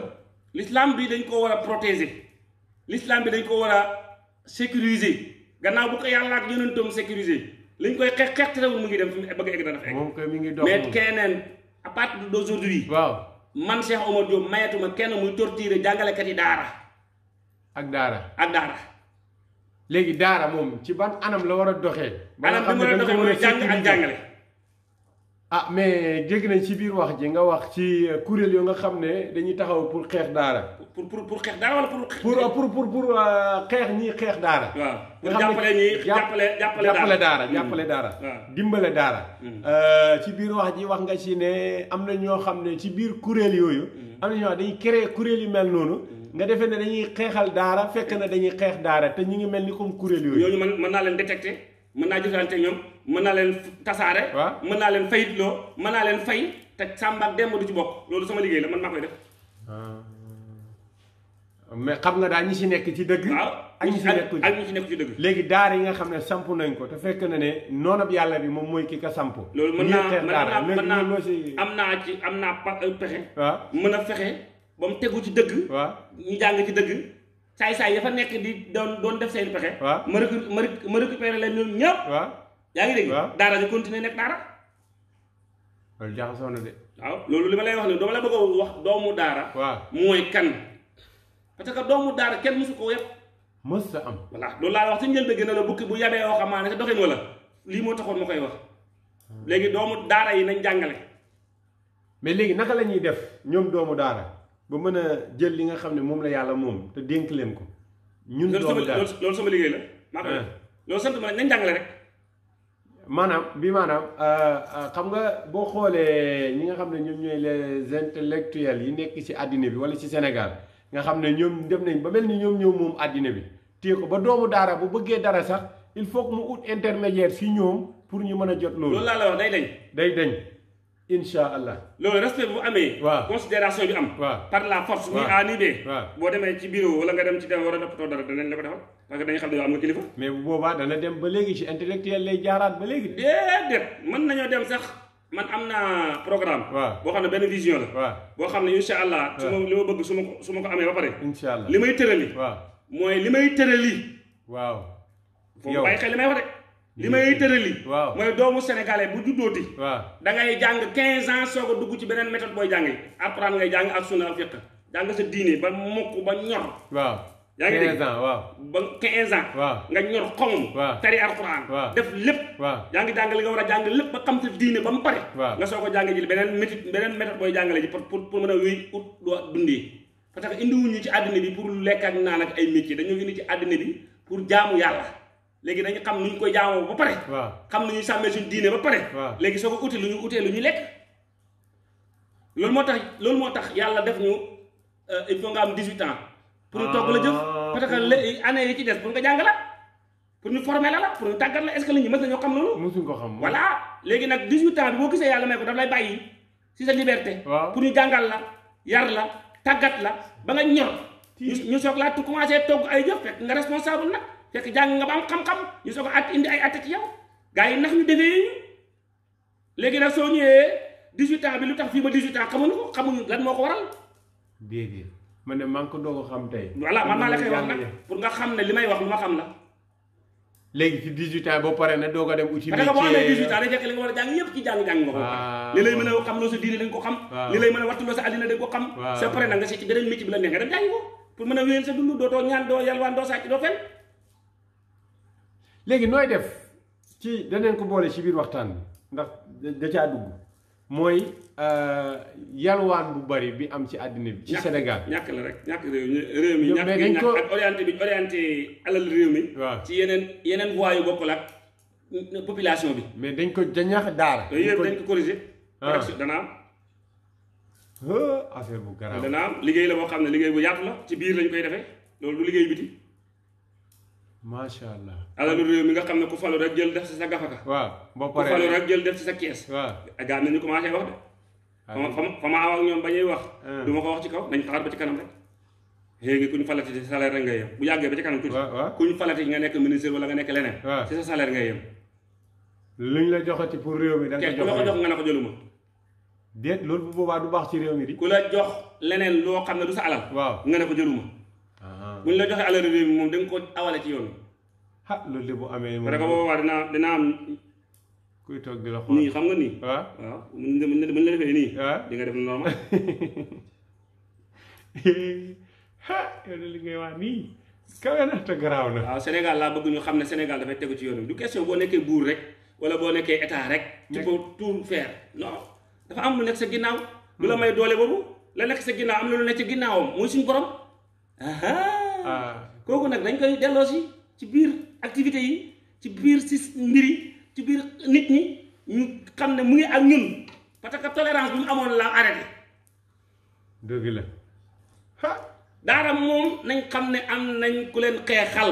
l'islam bi dañ ko war a protéger l'islam bi dañ koo war a sécuriser gannaaw bu ko yàlla ak yonentam sécuriser liñ koy xeex xeex terewul mu ngi dem fi mu bëgg a egg moom kay mi ngi dox mais keneen à partir d'aujourd'hui waaw man Cheikh Omar Diop mayatuma kenn muy torturer jàngalekat yi daara. ak daara ak daara. léegi daara moom ci ban anam la war a doxee. anam bi mu la doxee mooy ah, mais dégg nañ ci biir wax ji nga wax ci euh, kuréel yoo nga xam ne dañuy taxaw pour xeex daara. pour pour pour xeex daara pour. pour pour pour pour euh, xeex ñi xeex daara. waaw pour jàppale ñi jàppale jàppale daara jàppale daara. Mm. dimbale daara. Mm. Euh, ci biir wax ji wax nga ci ne am na ñoo xam ne ci biir kuréel yooyu. Mm. am na ñoo xam dañuy créer kuréel yu mel noonu. nga defee ne dañuy xeexal daara fekk na dañuy xeex daara te ñu ngi mel ni comme kuréel yooyu. yooyu man mën naa leen détecté mën naa jëflante ñoom mën naa leen tasaare. waa mën naa leen fayitloo mën naa leen fay te Samba Demba du ci bokk loolu sama liggéey la man maa koy def. Ah. mais xam nga daal ñi si nekk ci dëgg. ak ñi si nekk ak ñi si nekk ci léegi daara yi nga xam ne samp nañ ko te fekk na ne noonab yàlla bi moom mooy ki ka samp. loolu mën naa mën naa am naa ci am naa euh, pexe. mën a fexe. ba mu tegu ci dëgg. waa ñu jàng ci dëgg. saay-saay ya fa nekk di doon doon def seen pexe. waa ma récu ma récupéré leen ñoom ñëpp. waaw yaa ngi dégg. waaw daara ñu continuer nekk daara. loolu loolu li ma lay wax ne dama la bëgg a wax doomu daara. waaw mooy kan. parce que doomu daara kenn mësu ko yëpp. mës sa am. voilà loolu laa wax ci njëlbéen gën la bukki bu yabee yoo xam maa wala lii taxoon ma koy wax. léegi doomu daara yi nañ jàngale. mais léegi naka la ñuy def ñoom doomu daara. ba mën a jël li nga xam ne moom la yàlla moom te dénk leen ko. ñun doomu daal loolu sama liggéey la. maa ah. sant ma nañ jàngale rek. maanaam bi maanaam euh, euh, xam nga boo xoolee ñi nga xam ne ñoom ñooy les intellectuels yi nekk ci àddina bi walla ci Sénégal nga xam ne ñoom dem nañ ba mel ni ñoom ñoo moom àddina bi téye ko ba doomu daara bu bëggee dara sax il faut mu ut intermédiaire ci ñoom pour ñu mën a jot loolu. loolu laa la wax day dañ. day dañ. incha allah loolu respect bu amee. waaw considération bi am. waaw par la force. waaw nii A boo demee ci bureau wala nga dem ci dem war a toppatoo dara danañ la ko defal parce que dañu xam ne yow am nga kilifa. mais bu boobaa dana dem ba léegi ci intellectuel jaaraat ba léegi. déedéet mën nañoo dem sax man am na programme. boo xam ne benn vision la. waaw boo xam ne incha allah. su ma li ma bëgg su ma ko su ma ko amee ba pare. incha allah li may tërali. waaw mooy li may tërali. waaw yow foofu bàyyi xel li may wax de. li may tërali. waaw mooy doomu sénégalais bu juddooti. waaw da ngay jàng 15 ans soog a dugg ci beneen méthode booy jàngee. alxuraan ngay jàng ak sunna ak fiqh jàng sa diine ba mokk ba ñor. waaw yaa ngi dégg 15 ans ba 15 ans. waaw nga ñor xongu. waaw tari alxuraan. def lépp. waaw yaa ngi jàng a jàng lépp ba xam sa diine ba mu pare. nga soog a jàng ji beneen méthode beneen méthode booy jàngale ji pour pour mën a wéy ut doo dundee. parce que indiwuñu ci àddina bi pour lekk ak naan ak ay métier dañoo indi ci àddina bi pour jaamu yàlla. léegi dañu xam lu ñu koy jaamoo ba pare. waaw xam nu ñuy sàmmee suñu diine ba pare. waaw léegi soo ko uti lu ñu utee lu ñuy lekk. loolu moo tax loolu moo tax yàlla def ñu euh, il nga am 18 ans. pour ñu togg la jëf. Ah. parce que léegi année yi ci des pour nga jàngalaat pour ñu former la pour ñu tàggat la est-ce que nit ñi mës nañoo xam voilà léegi nag 18 ans bi boo gisee yàlla may ko daf lay bàyyi ci sa liberté. pour ñu jàngal la yar la tàggat la ba nga ñor. ñu soog laa commencé togg ay jëf fekk nga responsable nag. fekk jàng nga ba am xam-xam ñu soo ko at indi ay atte ci yow gars yi nax ñu defee ñu léegi nag soo ñëwee 18 ans bi lu tax fii moo ko waral. déedéet man de maa a xam ne li may wax lu ma xam la. boo paree na doog a dem. uti métier parce que li a ah, lay mën a xam loo sa diine da ko xam. li lay mën a wattu loo sa àddina da nga ko xam. sa pare nag nga seet ci beneen métier bi la neex nga dem jàng ko pour mën a wéyal sa dund dootoo ñaan doo yalwaan doo sàcc doo fen léegi nooy def ci daneen ko boole ci biir waxtaan bi ndax da caa dugg mooy euh, yalwaan bu bari bi am ci àddina bi. ci Sénégal ñàkk la rek ñàkk réew mi réew mi ñàkk ak orienté bi orienté alal réew mi. waaw ci yeneen yeneen voies yu bokkul ak population bi. mais dañ ko jañax daara. dañ ko dañ ko corriger. Ah. dana am. affaire bu garaaw dana am liggéey la boo xam ne liggéey bu yaatu la ci biir lañ koy defee loolu du liggéey biti. macha allah alalu réew mi nga xam ne ku falu rek jël def si sa gafaka. waaw boo paree ku falu rek jël def si sa kees. waaw gaa nañu commencé wax de. fa ma fa ma aw ak ñoom bañuy wax. Ah. du ma ko wax ci kaw nañ xaar ba ci kanam rek. léegi ku ñu falati ci salaire rek nga yem bu yàggee ba ci kanam. tuuti ku ñu falati nga a ministre nga nekk leneen. waaw ci sa salaire nga yem. luñ la joxati pour réew mi da nga ko jox nga ne ko jëluma. déet loolu bu boobaa du baax ci réew mi di. ku la jox leneen loo xam ne du sa alal. waaw nga ne ko jëluma bu ñu la joxee alal réew mi moom da nga ko awale ci yoon ah loolu de bu amee moom parce que boobaa dinaa dinaa am kuy toog di la nii xam nga nii ah? waaw waaw nii waaw ah? di nga def normal ah [laughs] yow de li ngay wax nii bëgg ñu xam ne Sénégal dafay tegu ci yoon bi du question boo nekkee buur rek wala boo nekkee état rek ci ko tout faire non dafa am lu nekk sa ginnaaw lu la hmm. may doole boobu la nekk sa ginnaaw am na lu nekk sa ginnaawam muy suñu borom Ah. kooku nag dañ koy delloo si ci biir activité yi ci biir sis mbiri ci biir nit ñi ñu xam ne mu ngi ak ñun parce que tolérance bi amoon laa arrêté. dëgg la. ah daara moom nañ xam ne am nañ ku leen xeexal.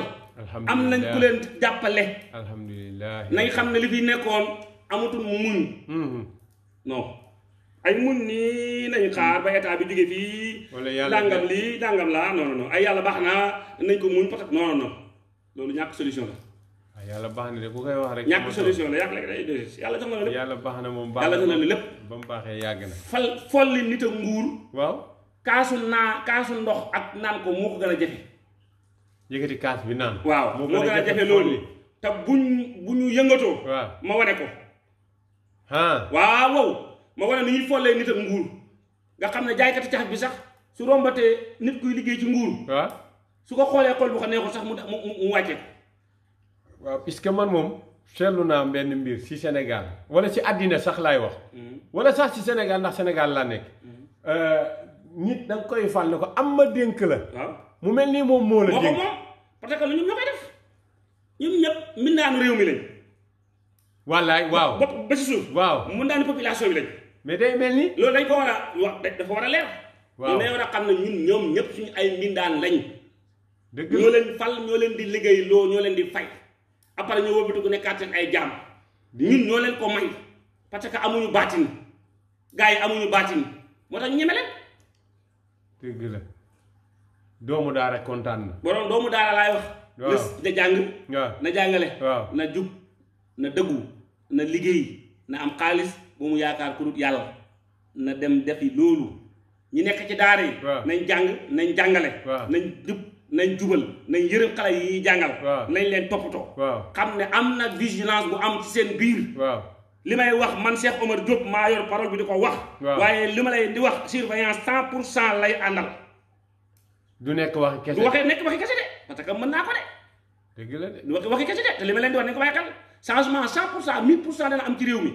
am nañ ku leen jàppale. alhamdulilah nañ xam ne li fi nekkoon amatul muñ. Mm-hmm. non. ay mun nii nañu xaar ba état bi jóge fii. wala yàlla dàngam lii dàngam laa non non ay yàlla baax naa nañ ko muñ peut-être non non loolu ñàkk solution la. waaw ah, yàlla baax na koy wax rek. ñàkk solution la yàlla day day yàlla jox baax na moom baax na yàlla jox na lépp. ba mu baaxee yàgg na. fal folli nit ak nguur. waaw kaasu naa kaasu ndox ak naan ko moo ko gën a jafe. yëkkati kaas bi naan. waaw moo gën a jafe loolu te buñ bu ñu yëngatoo. waaw ma wane ko. ma wane ni ñuy follee nit ak nguur nga xam ne jaaykati cax bi sax su rombatee nit kuy liggéey ci nguur. waaw su ko xoolee xol bu ko neexul sax mu mu mu wàcce ko. waaw puisque man moom seetlu naa benn mbir si Sénégal wala si àddina sax laay wax. Hmm. wala sax si Sénégal ndax Sénégal laa hmm. euh, koy fal ne ko am ma dénk la. mu mel nii moom moo parce que ñun ñoo koy def ñun ñëpp mbindaanu réew mi lañ. wallaay waaw ba ba si suuf. waaw mbindaanu population bi lañ. mais day mel ni. loolu dañ ko war a wax dafa war a leer. waaw mais war a xam ne ñun ñoom ñëpp suñu ay mbindaan lañ. dëgg ñoo leen fal ñoo leen di liggéey loo ñoo leen di fay. après ñu wóobitu ku nekkaat seen ay jaam. ñun ñoo leen ko may. parce que amuñu baatin. gaa yi amuñu baatin moo tax ñu ñeme leen. dëgg la doomu daara kontaan na. borom doomu daara laay wax. waaw na jàngale. na jub na dëggu na liggéey na am xaalis. bu mu yaakaar ku yàlla na dem defi loolu ñi nekk ci daara yi nañ jàng nañ jàngale nañ jub nañ jubal nañ yërëm xale yi jàngal nañ leen toppatoo xam ne am na vigilance bu am ci seen biir li may wax man Cheikh Omar Diop maa yor parole bi di ko wax waaye li ma lay di wax surveillance cent pour cent lay àndal du nekk waxi kese du waxee nekk waxi kese de que mën naa ko de dëgg la de waxi kese de te li ma leen di wax nañ ko bàyyi xel changement cent pour cent mille pour cent dana am ci réew mi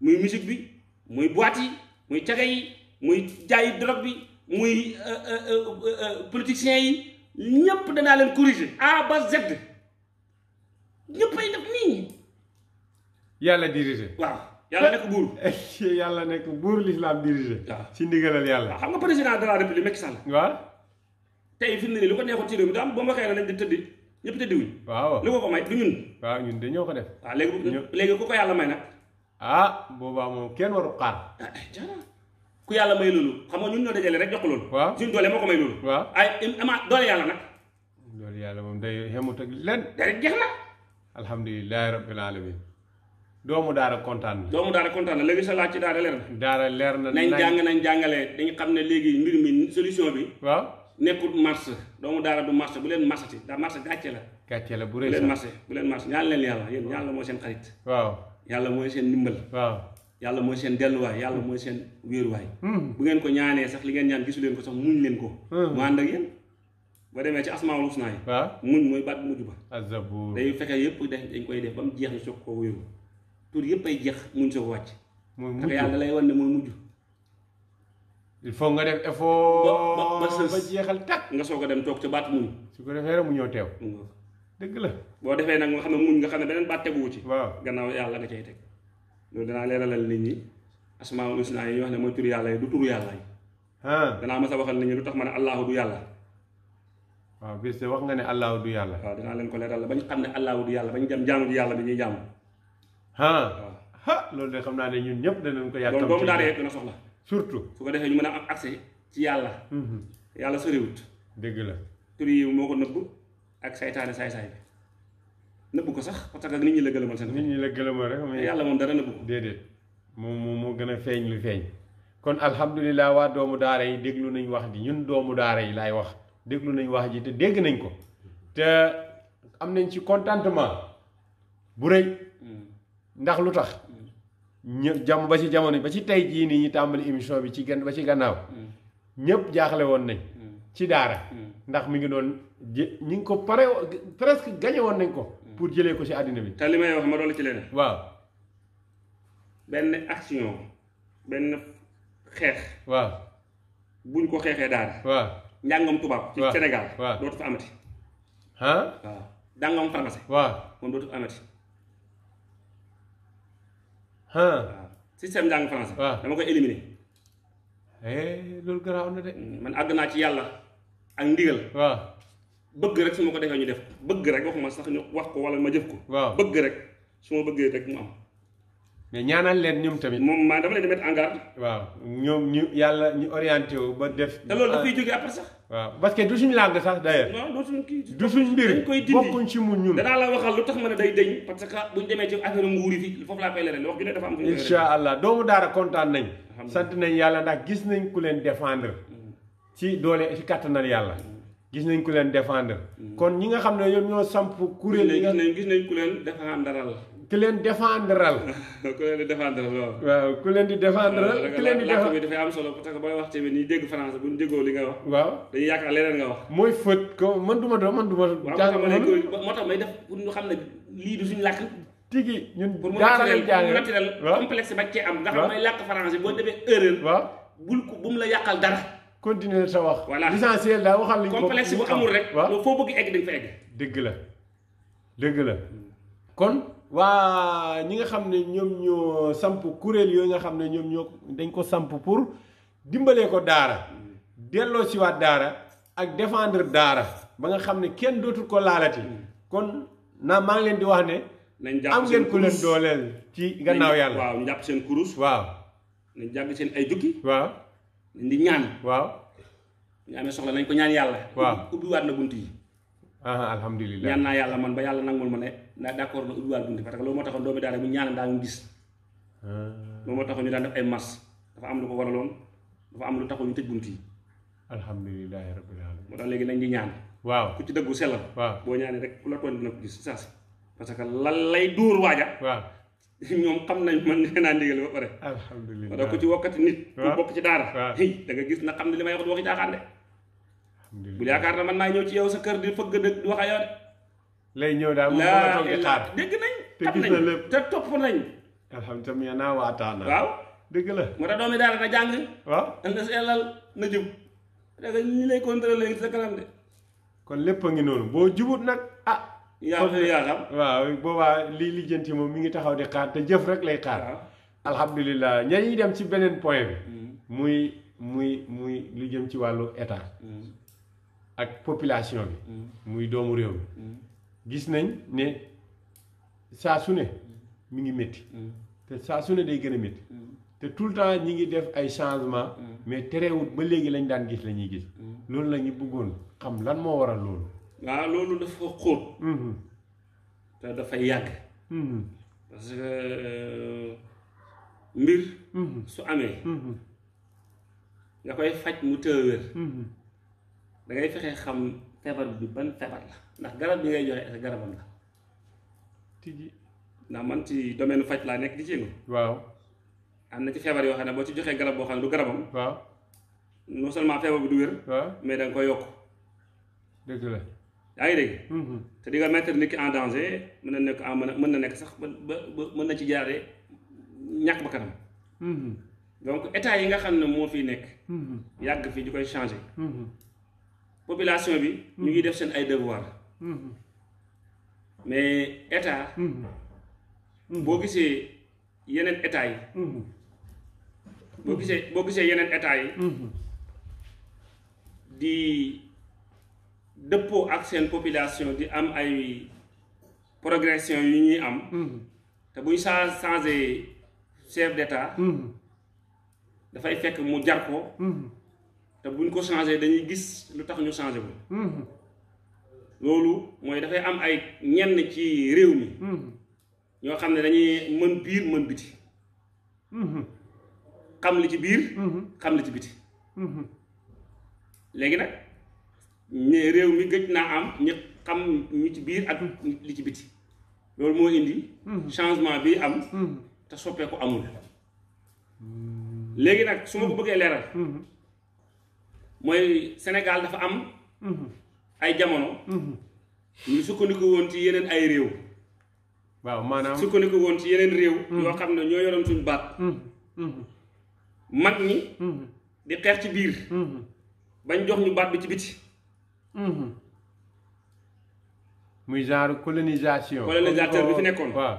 muy musique bi muy boit yi muy caga yi muy jaayi drogue bi muy euh, euh, euh, politiciens yi ñëpp danaa leen corriger A ba Z ñëpp ay def nii. yàlla dirigé. waaw yàlla nekk buur. [laughs] yàlla nekk buur l'islam dirigé. waaw si ndigalal yàlla. xam nga président de la république Macky Sall. waaw. tey fi mu nii lu ko neexoon ci réew mi daal boo ma xëy na dañ di tëddi ñëpp tëddiwuñ. waaw li ko ko may du ñun. waaw ñun de ñoo ko def. waaw léegi léegi ku ko yàlla may nag. ah boobaa moom kenn warul xaar. Ah, eh, ku yàlla may loolu xam nga ñun ñoo dajale rek jox ko loolu. waaw suñu doole moo ko may loolu. waaw ay doole yàlla nag. doole yàlla moom day xemut ak lenn. day jeex na. doomu daara kontaan na. doomu daara léegi sa laaj ci daa leer na. daara leer na nañ jàng nañ jàngale dañu xam ne léegi mbir mi solution bi. waaw nekkul marché doomu daara du marché bu leen marché ci daa marché gàcce la. gàcce la bu rëy bu leen marché bu leen marché ñaan leen yàlla yéen moo seen xarit. waaw. yàlla mooy seen ndimbal waaw yàlla mooy seen delluwaay yàlla mooy seen wéeruwaay hmm. bu ngeen ko ñaanee sax li ngeen ñaan gisu leen ko sax muñ leen ko hmm. mu ànd ak yéen demee ci asmaawul husna yi muñ mooy baat bu mujj ba day fexe yëpp de dañ koy def ba mu jeex ñu soog koo wéeru tur yëpp ay jeex mu soog wàcc parce que yàlla lay wan ne mooy mujj il faut nga def effort ba jeexal takk nga soog a dem toog ca baat muñ su ko defee rek mu ñëw teew dëgg la boo defee nag nga xam ne muñ nga xam ne beneen baat teguwu ci waaw gannaaw yàlla nga cay teg loolu danaa leeralal nit ñi asmaul husna yi ñu wax ne mooy turu yàlla yi du turu yàlla yi danaa mas a waxal nit ñi lu tax ma ne allaahu du yàlla waaw bis wax nga ne loolu de xam naa ne ñun ñëpp danañ ko yàgg doomu daara yëpp dana soxla surtout su ko defee ñu mën a am accès ci yàlla mhm. yàlla soriwut la moo ko nëbb ak saytaane saay-saay bi nëbbu ko sax parce que nit ñi la gëlëmal seen. nit ñi la gëlëmal rek mais yàlla moom dara nëbbu ko. déedéet moo gën a feeñ lu feeñ. kon alhamdulilah waa doomu daara yi déglu nañu wax ji ñun doomu daara yi laay wax déglu nañu wax ji te dégg nañ ko te am nañ ci contentement bu rëy mm. ndax lu tax mm. ñë jam ba ci jamono ba ci tey jii nii ñu tàmbali émission bi ci gën ba ci gannaaw mm. ñëpp jaaxale woon nañ ci daara. ndax mi ngi doon jë ñi ngi ko pare presque gañe woon nañ ko. pour jëlee ko ci àddina bi. te li may wax ma doon ci leneen. waaw. benn action benn xeex. waaw buñ ko xeexee daara. waaw njàngam tubaab. ci Sénégal. waaw dootu fa amati. ah waaw dootu fa amati. ah système njàng français. waaw dama koy éliminer. Eh, loolu garaaw na de. Mm, man àgg naa ci yàlla. ak ndigal waaw bëgg rek su ma ko defee ñu def bëgg rek ma sax ñu wax ko wala ma jëf ko waaw bëgg rek su ma bëggee rek mu am mais ñaanal leen ñoom tamit moom maa dama leen di mettre en garde waaw ñoom ñu ñu orienté wu ba def te loolu dafay jógee après sax waaw parce que du suñu langue sax d'ailleurs non du suñu mbir la waxal lu a day dëñ parce que buñ demee ci affaire nguuri fi foofu laa koy leeral wax ju ne dafa am insha allah doomu daara kontaan nañ sant nañ yàlla ndax gis nañ ku leen défendre ci doole ci kàttanal yàlla gis nañ ku leen défendre kon ñi nga xam ne ñoom ñoo samp kuréel yi gis gis nañ ku leen défendral ku leen défendral [laughs] ku leen di défendral waaw ku leen di défendral ku leen di làkk bi dafay am solo parce que booy wax tamit ñi dégg bu ñu déggoo li nga wax waaw dañuy yaakaar leneen nga wax mooy fët ko man du ma do man du ma jàng moo tax may def pour xam ne lii du suñu làkk tigi ñun daara lañ jàng pour naturel complexe ba am ndax may làkk français boo defee erreur bul ko bu mu la yàqal dara continuer sa wax. voilà l'essentiel daal waxal li ko complexe bu amul rek. waaw foo bëgg egg dañ fa egg. dëgg la dëgg la kon waa ñi nga xam ne ñoom ñoo samp kuréel yooyu nga xam ne ñoom ñoo dañ ko samp pour dimbalee ko daara delloo siwaat daara ak défendre daara ba nga xam ne kenn dootul ko laalati kon naa maa ngi leen di wax ne. nañ jàpp am ngeen leen ci gannaaw yàlla waaw ñu seen kurus. waaw nañ jàpp seen ay jukki waaw. di ñaan. waaw. ñu amee soxla nañ ko ñaan yàlla. waaw ubbiwaat na bunt yi. alhamdulilah ñaan naa yàlla man ba yàlla nangul ma ne d' accord la ubbiwaat bunt yi parce que loolu moo taxoon doomi daara bu ñaan daa ñu gis. Ah. loolu moo taxoon ñu daan def ay mas dafa am lu ko waraloon dafa am lu taxoon ñu tëj bunt yi. alhamdulilah rabbil alamin moo tax léegi nañ di ñaan. waaw ku ci dëggu sellal. waaw boo ñaanee rek ku la tooñ dina ko gis saasi. parce que lan lay dóor waaja. waaw [laughs] ñoom xam nañ man nee naa ndigal ba pare. alhamdulilah da ko gis na xam ne li may wax du waxi caaxaan de. bu yaakaar na man naa ñëw ci yow sa kër di fëgg dëgg di wax ak lay ñëw daal moom la toog di xaar dégg nañ. te gis na lépp te topp naa waataana. waaw dëgg la. moo tax doomi daara na jàng. waaw na sellal na jub. da nga ñu lay contrôler sa kanam de. kon lépp a ngi noonu boo jubut nag. yaa waaw boobaa liy lijjanti moom mi ngi taxaw di xaar te jëf rek lay xaar. alhamdulilah ña ñuy dem ci beneen point bi. Mm. muy muy muy lu jëm ci wàllu état. Mm. ak population bi. Mm. muy doomu réew mi. gis nañ ne saa su ne mu ngi métti. te saa su ne day gën a métti. te tout le temps ñi ngi def ay changement mais terewut ba léegi lañ daan gis la ñuy gis. loolu la ñu bëggoon xam lan moo waral loolu. waaw loolu dafa xóot mm-hmm. te dafa yàgg mm-hmm. parce que euh, mbir mm-hmm. su amee nga koy faj mu tëwér da ngay fexe xam feebar bi ban feebar la ndax garab bi ngay joxe est garabam la tijji ndax man ci domaine faj laa nekk di ci waaw am na ci feebar yoo xam ne boo ci joxee garab boo xam ne du garabam waaw non seulement feebar bi du wér mais da nga koy yokk yaa ngi dégg. Mm-hmm. te di nga mettre nit ki en danger mën na nekk en mën na nekk sax ba ba mën na ci jaaree ñàkk ba kanam. Mm-hmm. donc état yi nga xam ne moo fiy nekk. Mm-hmm. yàgg fii ñu koy changé. population bi. ñu ngi def seen ay devoir. mais état. boo gisee yeneen état yi. boo gisee boo gisee yeneen état yi. di. dëppoo ak seen population di am ay progression yu ñuy am te bu ñu changé chef d'état dafay fekk mu jar ko te buñ ko changé dañuy gis lu tax ñu changé ko loolu mooy dafay am ay ñenn ci réew mi ñoo xam ne dañuy mën biir mën biti xam li ci biir mm-hmm. xam li ci biti mm-hmm. léegi nag ne réew mi gëj naa am ñi xam ñi ci biir ak li ci biti loolu moo indi mhm. changement bi am mhm. te soppeeku amul léegi nag su ma ko bëggee leeral mhm. mooy Sénégal dafa am ay jamono ñu sukkandiku woon ci yeneen ay réew waaw maanaam sukkandiku woon ci yeneen réew yoo xam ne ñoo yoroon suñu baat mag ñi di xeex ci biir bañ jox ñu baat bi ci biti muy genre colonisation. colonisateur bi fi nekkoon. waaw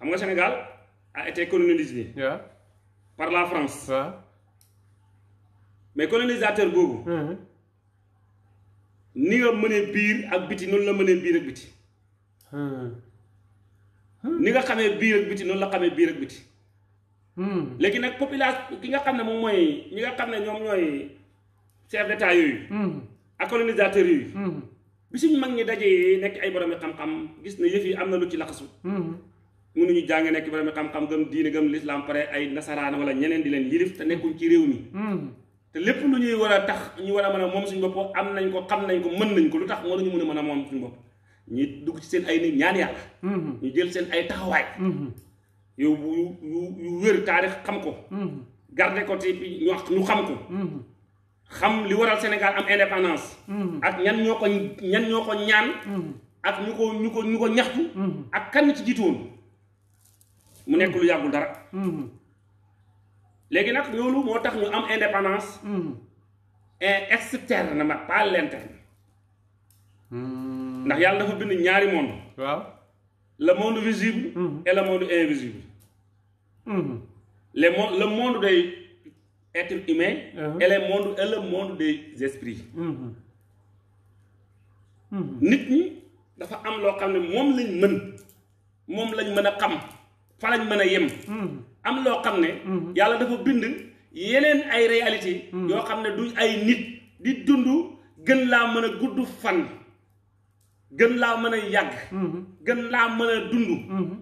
xam nga Sénégal a été colonisé. waaw par la France. mais colonisateur boobu. ni nga mënee biir ak biti noonu la mënee biir ak biti. ni nga xamee biir ak biti noonu la xamee biir ak biti. léegi nag population ki nga xam ne moom mooy ñi nga xam ne ñoom ñooy chef d'état yooyu. ak colonisateurs yi. Mhm. bi suñ mag ñi dajee nekk ay boromi xam-xam gis na yëf am na lu ci laxasu. Mhm. mënuñu jàng nekk boromi xam-xam gëm diine gëm lislaam pare ay nasaraan wala ñeneen di leen yilif te nekkuñ ci réew mi. Mhm. te lépp lu ñuy war a tax ñu war a man a moom suñu bopp am nañ ko xam nañ ko mën nañ ko lu tax moo ñu mën a mën a moom suñu bopp ñu dugg ci seen ay nit ñaan yàlla. ñu jël seen ay taxawaay. yow yu yu yu wér taarix xam ko. garde ko te ñu xam ko. xam li waral Sénégal am indépendance. Hmm. ak ñan ñoo ko ñan ñoo ko ñaan. Hmm. ak ñu ko ñu ko ñaxtu. Hmm. ak kan ci jiitu mu nekk lu yàggul dara. léegi nag loolu moo tax ñu am indépendance. et externe ma pas l'interne. ndax yàlla dafa bind ñaari monde. waaw le monde visible. et le monde invisible. les monde day. être humain uh-huh. et le monde et le mm-hmm. nit ñi dafa am loo xam ne moom lañ mën moom lañ mën a xam fa lañ mën a yem mm-hmm. am loo xam ne mm-hmm. yàlla dafa bind yeneen ay réalité yoo xam ne duñ ay nit di dund gën laa mën a gudd fan gën laa mën a yàgg gën laa mën a dund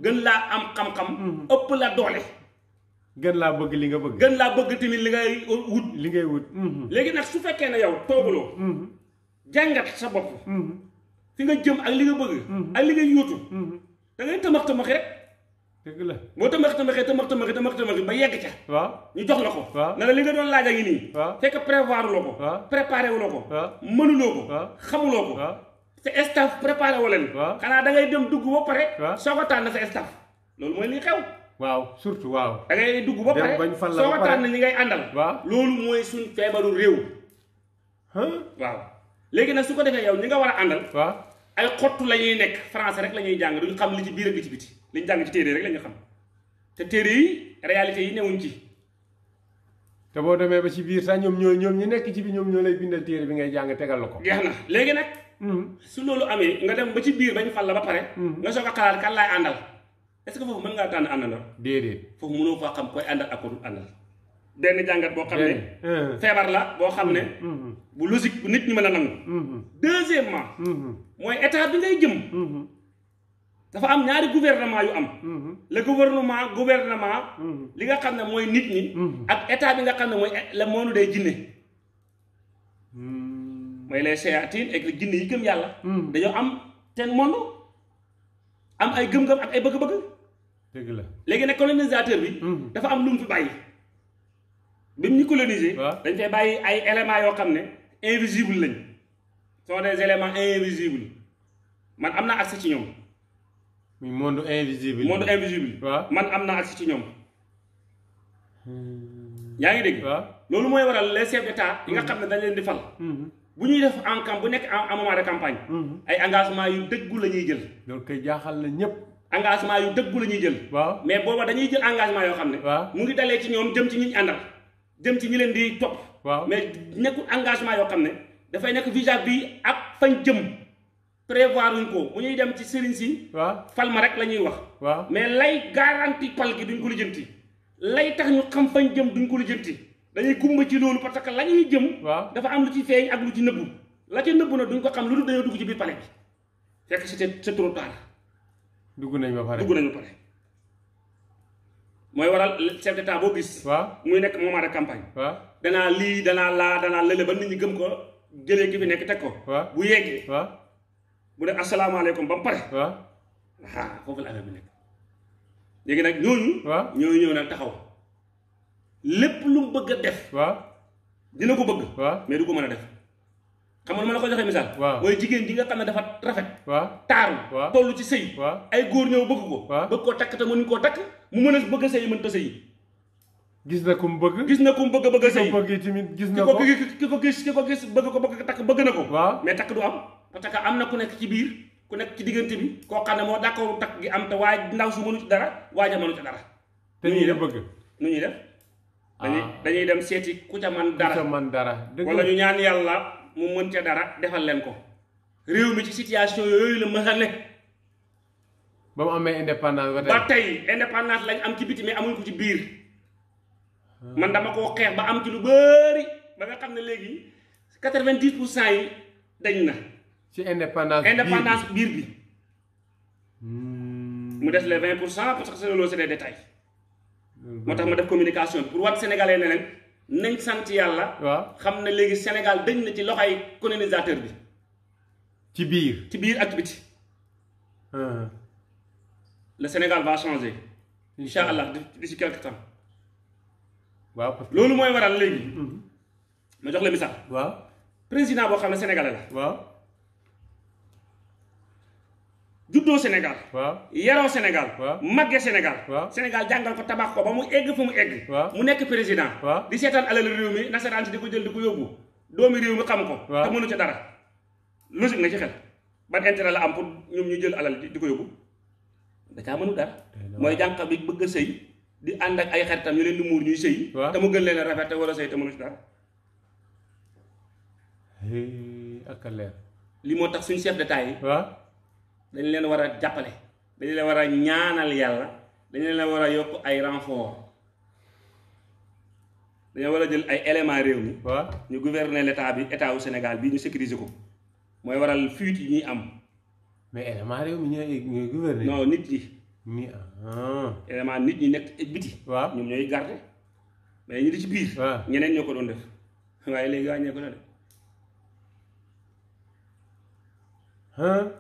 gën laa am xam-xam ëpp la doole gën laa bëgg li nga bëgg. gën laa bëgg tamit li ngay wut. li ngay wut. Mm-hmm. léegi nag su fekkee ne yow tooguloo. Mm-hmm. jàngat sa bopp. Mm-hmm. fi nga jëm ak li nga bëgg. ak li ngay yóotu. da ngay tamax tamax rek. moo la boo tamax tamaxee tamax tamaxee tamax tamaxee ba yegg ca. waaw ñu jox la ko. waaw na la li nga doon laaj a ngi nii. waaw fekk prévoir ko. waaw préparé wu ko. mënuloo ko. waaw xamuloo ko. te staff préparé wu leen. waaw xanaa da ngay dem dugg ba pare. waaw soo ko tànn sa staff loolu mooy li xew. waaw surtout waaw. da ngay dugg ba pare bañ fan la ba pare soo tànn ñi ngay àndal. waaw loolu mooy suñ feebaru réew. waaw léegi nag su ko defee yow ñi nga war a àndal. waaw ay xottu la ñuy nekk français rek lañuy ñuy jàng duñ xam li ci biir ak li ci biti li ñu jàng ci téere rek la xam te téere yi réalité yi newuñ ci. te boo demee ba ci biir sax ñoom ñoo ñoom ñu nekk ci bi ñoom ñoo lay bindal téere bi ngay jàng tegal la ko. jeex na léegi nag. su loolu amee nga dem ba ci biir bañ fan la ba pare. nga kan laay àndal. est-ce que foofu mën ngaa tànn àndandoo. déedéet foofu mënoo faa xam koy àndal ak ko dul àndal. benn jàngat boo xam ne. feebar la boo xam ne. bu logique bu nit ñi mën a nangu. deuxièmement. mooy état bi ngay jëm. am ñaari gouvernement yu am. gouvernement li nga xam ne mooy nit ñi. état bi nga xam ne mooy la moonu day jinne mooy les séatines ak li jinne yi gëm yàlla. dañoo am seen monde am ay gëm-gëm ak ay bëgg-bëgg. dëgg la léegi nag colonisateur bi. Hmm. dafa am lu mu fi bàyyi. bi mu ñu coloniser. dañ fay bàyyi ay éléments yoo xam ne invisible lañ. sont des éléments invisibles man am naa accès ci ñoom. muy monde invisible. monde invisible. man am naa accès ci ñoom. Hmm. yaa ngi dégg. loolu mooy waral les chefs d'état yi nga xam ne hmm. dañ leen di fal. bu ñuy def en bu nekk en moment de campagne. ay engagement yu dëggu la ñuy jël. loolu kay jaaxal na ñëpp. engagement yu dëggu la ñuy jël. waaw mais booba dañuy jël engagement yoo xam ne. mu ngi dalee ci ñoom jëm ci ñi ñu àndal jëm ci ñi leen di topp. waaw mais nekkul engagement yoo xam ne dafay nekk vis à bi ak fañ jëm prévoir uñ ko bu ñuy dem ci sëriñ si. waaw fal ma rek la ñuy wax. waaw mais lay garanti pal gi duñ ko lijjanti lay tax ñu xam fañ jëm duñ ko lijjanti dañuy gumba ci loolu parce que la ñuy jëm. dafa am lu ci feeñ ak lu ci nëbbu la ca nëbbu na duñ ko xam lu dul dañoo dugg ci biir pale bi fekk c'était c'est trop dugg nañ ba pare dugg nañ ba pare. mooy waral chef boo gis. waaw muy nekk moment de campagne. waaw danaa lii danaa laa danaa lële ba nit ñi gëm ko jële ki fi nekk teg ko. waaw bu yeggee. waaw bu ne asalaamaaleykum ba mu pare. waaw ah foofu la bi nekk. léegi nag ñooñu. waaw ñooñu ñëw nag taxaw lépp lu mu bëgg a def. waaw dina ko bëgg. waaw mais du ko mën a def. xam nga ma la ko joxee misaal. waaw mooy jigéen ji nga xam ne dafa rafet. waaw taaru. waaw ci sëy. ay góor ñëw bëgg ko. waaw bëgg koo takk te mënuñ koo takk mu mën a bëgg sëy na ku mu bëgg. gis na ku mu bëgg bëgg a gis na ko ki ko gis ki ko bëgg ko bëgg na ko. mais takk du am parce que am na ku nekk ci biir ku nekk ci diggante bi koo xam ne moo d'accord takk gi am te waaye ndaw su mënu ci dara waaja mënu ci dara. te ñuy def bëgg nu ñuy def ah. dañuy dem seeti ku ca man dara wala ñu ñaan yàlla mu mën ca dara defal leen ko réew mi ci situation yooyu la mën a ne ba mu amee indépendance ba tey indépendance lañ am ci biti mais amuñ ko ci biir man dama koo xeex ba am ci lu bëri ba nga xam ne léegi quatre-vingt-dix pour cent yi dañ na ci indépendance indépendance biir bi hmm. mu des lee vingt pour cent parce que c'est loolu tax ma def communication bi pour wax sénégalais nañ sant yàlla. waaw xam na léegi Sénégal dañ na ci loxoy colonisateur bi. ci biir ci biir ak biti. Euh. le Sénégal va changer. incha allah d'ici quelque temps. waaw loolu mooy waral léegi. Mhm. ma jox la misaal. waaw président boo xam ne sénégalais la. waaw. juddoo Sénégal. waaw yaroo Sénégal. waaw màggee Sénégal. waaw Sénégal jàngal ko tabax ko ba mu egg fu mu egg. mu nekk président. di seetaan alal réew mi nasaraan si di ko jël di ko yóbbu doomi réew mi xam ko. te mënu ci dara logique nga ci xel ban intérêt la am pour ñoom ñu jël alal di ko yóbbu da caa dara. mooy jànq bi bëgg sëy di ànd ak ay xaritam ñu leen di muur ñuy sëy. te mu gën leen a rafet wala sëy te mënu ci dara. ak moo tax suñ suñu de d'État yi. dañ leen war a jàppale dañ leen war a ñaanal yàlla dañ leen war a yokk ay renfort dañoo war a jël ay éléments réew mi. waaw ñu gouverner l' bi état wu Sénégal bi ñu sécuriser ko mooy waral fuite yi ñuy am. mais éléments réew mi ñooy ñooy gouverner. nit yi. ni ah. nit ñi nekk biti. waaw ñoom ñooy garder mais ñu di ci biir. ñeneen ñoo ko doon def [laughs] waaye léegi wàññeeku na de.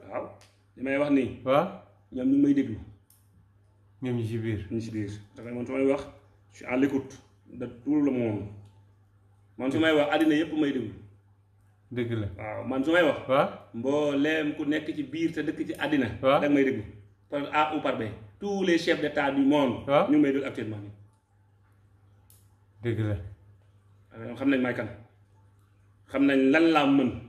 waaw. li may wax nii. waaw ñoom ñu ngi may déglu. ñoom ñu ci biir. ñu ci man su may wax je suis à l'écoute de tout le monde man su may wax àddina yëpp may déglu. dëgg la waaw man su may wax. waaw mbooleem ku nekk ci biir te dëkk ci àddina. waaw da may déglu par A ou par tous les chefs d'état du monde. waaw ñu ngi may déglu actuellement nii. dëgg la. xam nañ may kan xam nañ lan laa mën.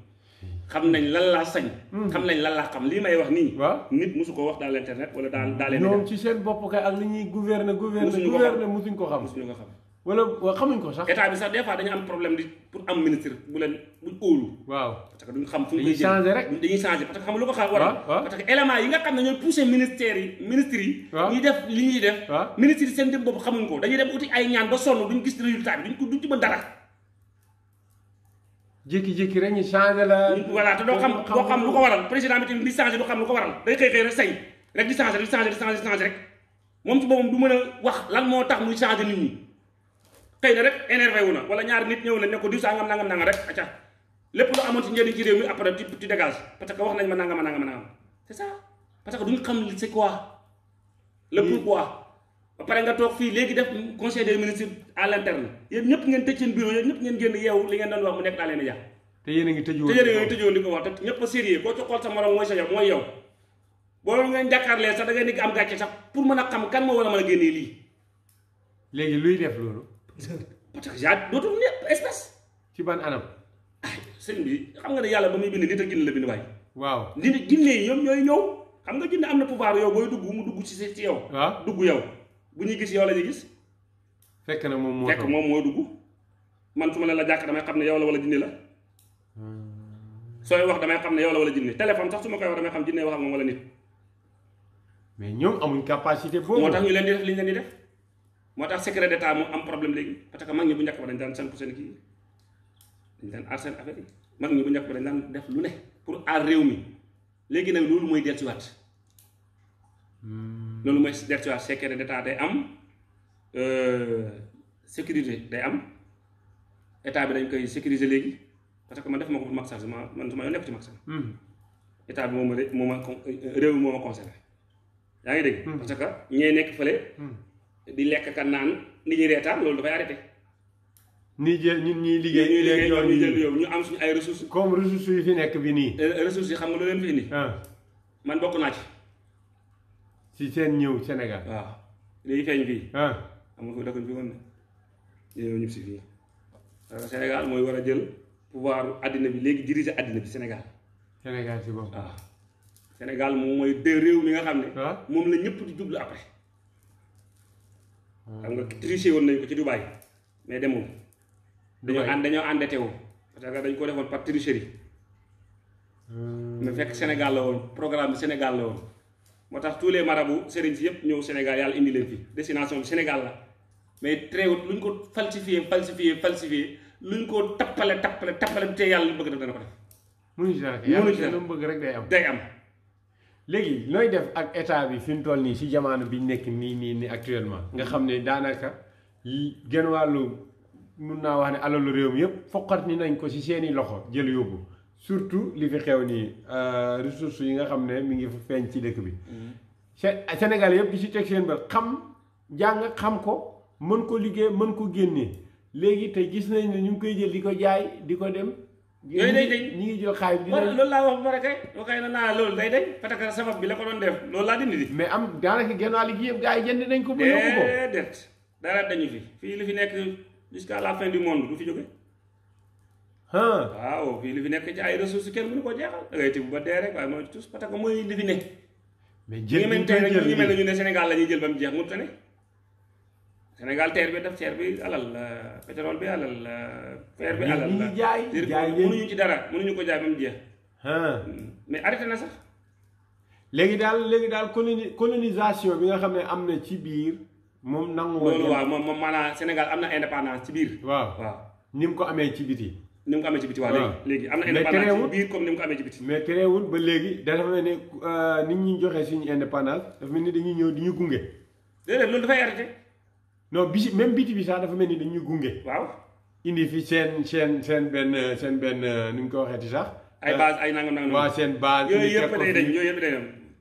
xam nañ lan laa sañ. Hmm. xam nañ lan laa xam lii may wax nii. waaw nit musu ko wax dans l' internet wala dans dans les. ñoom ci seen bopp kay ak li ñuy gouverner gouverner gouverner musuñ ko xam musuñ ko xam. wala waaw xamuñ ko sax. état bi sax des fois dañu am problème di pour am ministre bu leen bu óolu. waaw parce que duñ xam fu ñu koy changé rek dañuy changé parce que xam lu ko xam waral. parce que élément yi nga xam ne ñooy poussé ministères yi ministres yi. ñuy def li ñuy def. ministres yi seen jëm boobu xamuñ ko dañuy dem uti ay ñaan ba sonn duñ gis résultat bi duñ ko duñ ci mën dara jékki-jékki rek ñu changé la. voilà te doo xam doo xam lu ko waral président bi tamit di changé du xam lu ko waral day xëy xëy rek say rek di changé di changé di changé di changé rek moom ci boppam du mën a wax lan moo tax muy changé nit ñi xëy na rek wu na wala ñaari ne ko diw sangam nangam nangam rek acca lépp lu amoon ci njëriñ ci réew mi après ci ci dégage que wax nañ ma nangam nangam nangam c'est ça parce que duñ xam c'est quoi le pourquoi ba pare nga toog fii léegi def conseil des ministres à l'interne yéen ñëpp ngeen tëj seen bureau yéen ñëpp ngeen génn yeewu li ngeen doon mu nekk daa leen a yàq te yéen a ngi tëjoo te yéen a ngi tëjoo li ko wax te ñëpp a sérieux koo ci xool sa morom mooy sa yow mooy yow boo doon ngeen jàkkaarlee am gàcce a xam kan moo war a mën a génnee lii léegi luy espèce ci ban anam ay ah, sëñ bi xam nga ne yàlla ba muy bind nit ak jinne la bind waay waaw nit jinne yi ñoom ñooy ñëw xam nga jinne am na pouvoir yow booy dugg mu dugg ci si yow ah. dugg yow bu ñuy gis yow la ñuy gis. fekk na moom moo fekk moom moo dugg man su ma ne la jàkk damay xam ne yow la wala jinne la sooy wax damay xam ne yow la wala jinne téléphone sax su ma koy wax damay xam jinne wax ak moom wala nit. mais ñoom amuñ capacité boobu. moo tax ñu leen di li ñu leen di def moo tax secret d'état moo am problème léegi parce que mag ñi bu njëkk ba dañ daan sànq seen kii dañ daan aar seen affaire yi mag ñi bu njëkk ba dañ daan def lu ne pour aar réew mi léegi nag loolu mooy dellusiwaat. Hmm. loolu mooy del ci waat secret d'état day am euh, sécurité day am état bi dañ koy sécuriser léegi parce que man def ma ko Macky Sall ma man su ma yoon nekk hmm. état bi moo ma moo ma euh, réew mi yaa ngi dégg hmm. parce que nekk fële hmm. di lekk ka naan nit ñi reetaan loolu dafay arrêté ni jël ñun ñuy liggéey ñuy liggéey ñoom ñu jël yow ñu ay ressources comme ressources yi fi nekk bi nii euh, ressources yi xam nga lu leen fi indi ah. man bokk naa ci ci seen ñëw Sénégal. waaw ah, léegi feeñ fii. am nga fi dëkkuñ fi woon ne ñu ñëw si fii. parce ah, Sénégal mooy war a jël pouvoir àddina bi léegi diriger àddina bi Sénégal. Sénégal si boppam ah. Sénégal moom mooy de réew mi nga xam ne. moom la ñëpp di jublu après. xam nga triché woon nañ ko ci Dubaï mais demul. Dubaï dañoo ànd dañoo àndate woo parce que dañ ko defoon par tricherie. mais fekk Sénégal la woon programme bi Sénégal la woon. moo tax tous les marabouts sëriñ si yëpp ñëw Sénégal yàlla indi leen fi destination bi Sénégal la mais teewut lu ñu ko falsifié falsifié falsifié lu ñu ko tappale tappale tappale bi te yàlla lu bëgg def dana ko def. mënuñu ci dara yàlla ci lu mu bëgg rek day am day am. léegi nooy def ak état bi fi mu toll nii si jamono bi ñu nekk nii nii nii actuellement nga xam ne daanaka genn wàllu mun naa wax ne alalu réew mi yëpp foqat ni nañ ko si seeni loxo jël yóbbu. surtout li fi xew nii euh, ressources yi nga xam ne mi ngi feeñ ci dëkk bi. Mm-hmm. Sénégal yëpp di ci teg seen ba xam jàng xam ko mën ko liggéey mën ko génne léegi te gis nañ ni ñu ngi koy jël di ko jaay di ko dem. yooyu ñu ngi jël xaalis bi. loolu laa wax ba pare kay wax kay na naa lool day dañ parce que sabab bi la ko doon def loolu laa dindi di. mais am daanaka gennaa liggéey gi yëpp gars yi jënd nañ ko. ba yóbbu ko dañu fi fi nekk jusqu'à la fin du waaw fii li fi nekk ci ay ressources kenn mënu ko jeexal da ngay ba dee rek waaye mooy tous parce que mooy li mais jël bi ñu koy jël ñu mel ne ñu ne Sénégal la jël ba mu jeex mu tane. Sénégal teer bi def teer bi alal euh, pétrole bi alal euh, bi alal. ñu ngi jaay jaay ci dara mënuñu ko jaay ba mu jeex. mais arrêté na sax. léegi daal léegi daal colonisation bi nga xam ne am na ci biir. moom nangu. loolu waaw moom moom maanaam Sénégal am na indépendance ci biir. waaw waaw ni mu ko amee ci biti. ni mu ko amee ci biti waaw léegi léegi am na indépendance ci biir comme ni mu ko amee ci biti mais terewul ba léegi dafa mel ni euh, nit ñu joxee suñu indépendance dafa mel ni dañuy ñëw di ñu gunge déedéet loolu dafay arrêté non bi si même biti bi sax dafa mel ni dañuy gunge waaw indi fi seen seen seen benn seen benn euh, ni ñu ko waxeeti sax ay euh, base ay nangam nangam waaw seen base yooyu yëpp day dem yooyu yëpp day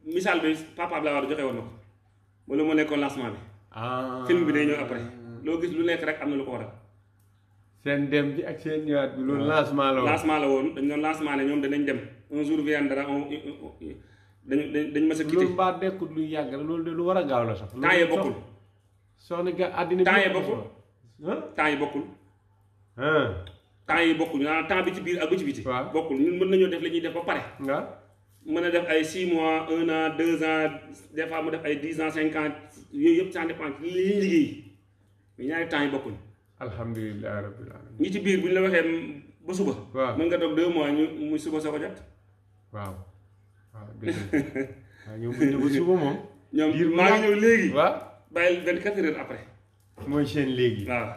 misaal bi papa Abdoulaye Wade joxe woon na ko wala moo nekkoon lancement bi ah. film bi day ñëw après loo gis lu nekk rek am na lu ko waral seen dem bi ak seen ñëwaat bi loolu lancement la woon lancement la woon dañ doon lancement la ñoom danañ dem un jour viendra on dañ dañ mas a quitté loolu mbaa nekkul lu yàgg la loolu de lu war a gaaw la sax temps yi bokkul soxna ga àddina temps yi bokkul temps yi bokkul temps yi bokkul maanaam temps bi ci biir ak bi ci biti bokkul ñun mën nañoo def li ñuy def ba pare waaw mën a def ay 6 mois 1 an 2 ans des fois mu def ay 10 ans 5 ans yooyu yëpp ça dépend li ñu liggéey mais ñaari temps yi bokkuñ alhamdulilah rabbil alamin ñi ci biir bu ñu la waxee ba suba. waaw mën nga toog deux mois ñu muy suba soo ko jot. waaw waaw dégg nga ñoom bu ñu ba suba moom. ñoom maa mooy seen léegi. waaw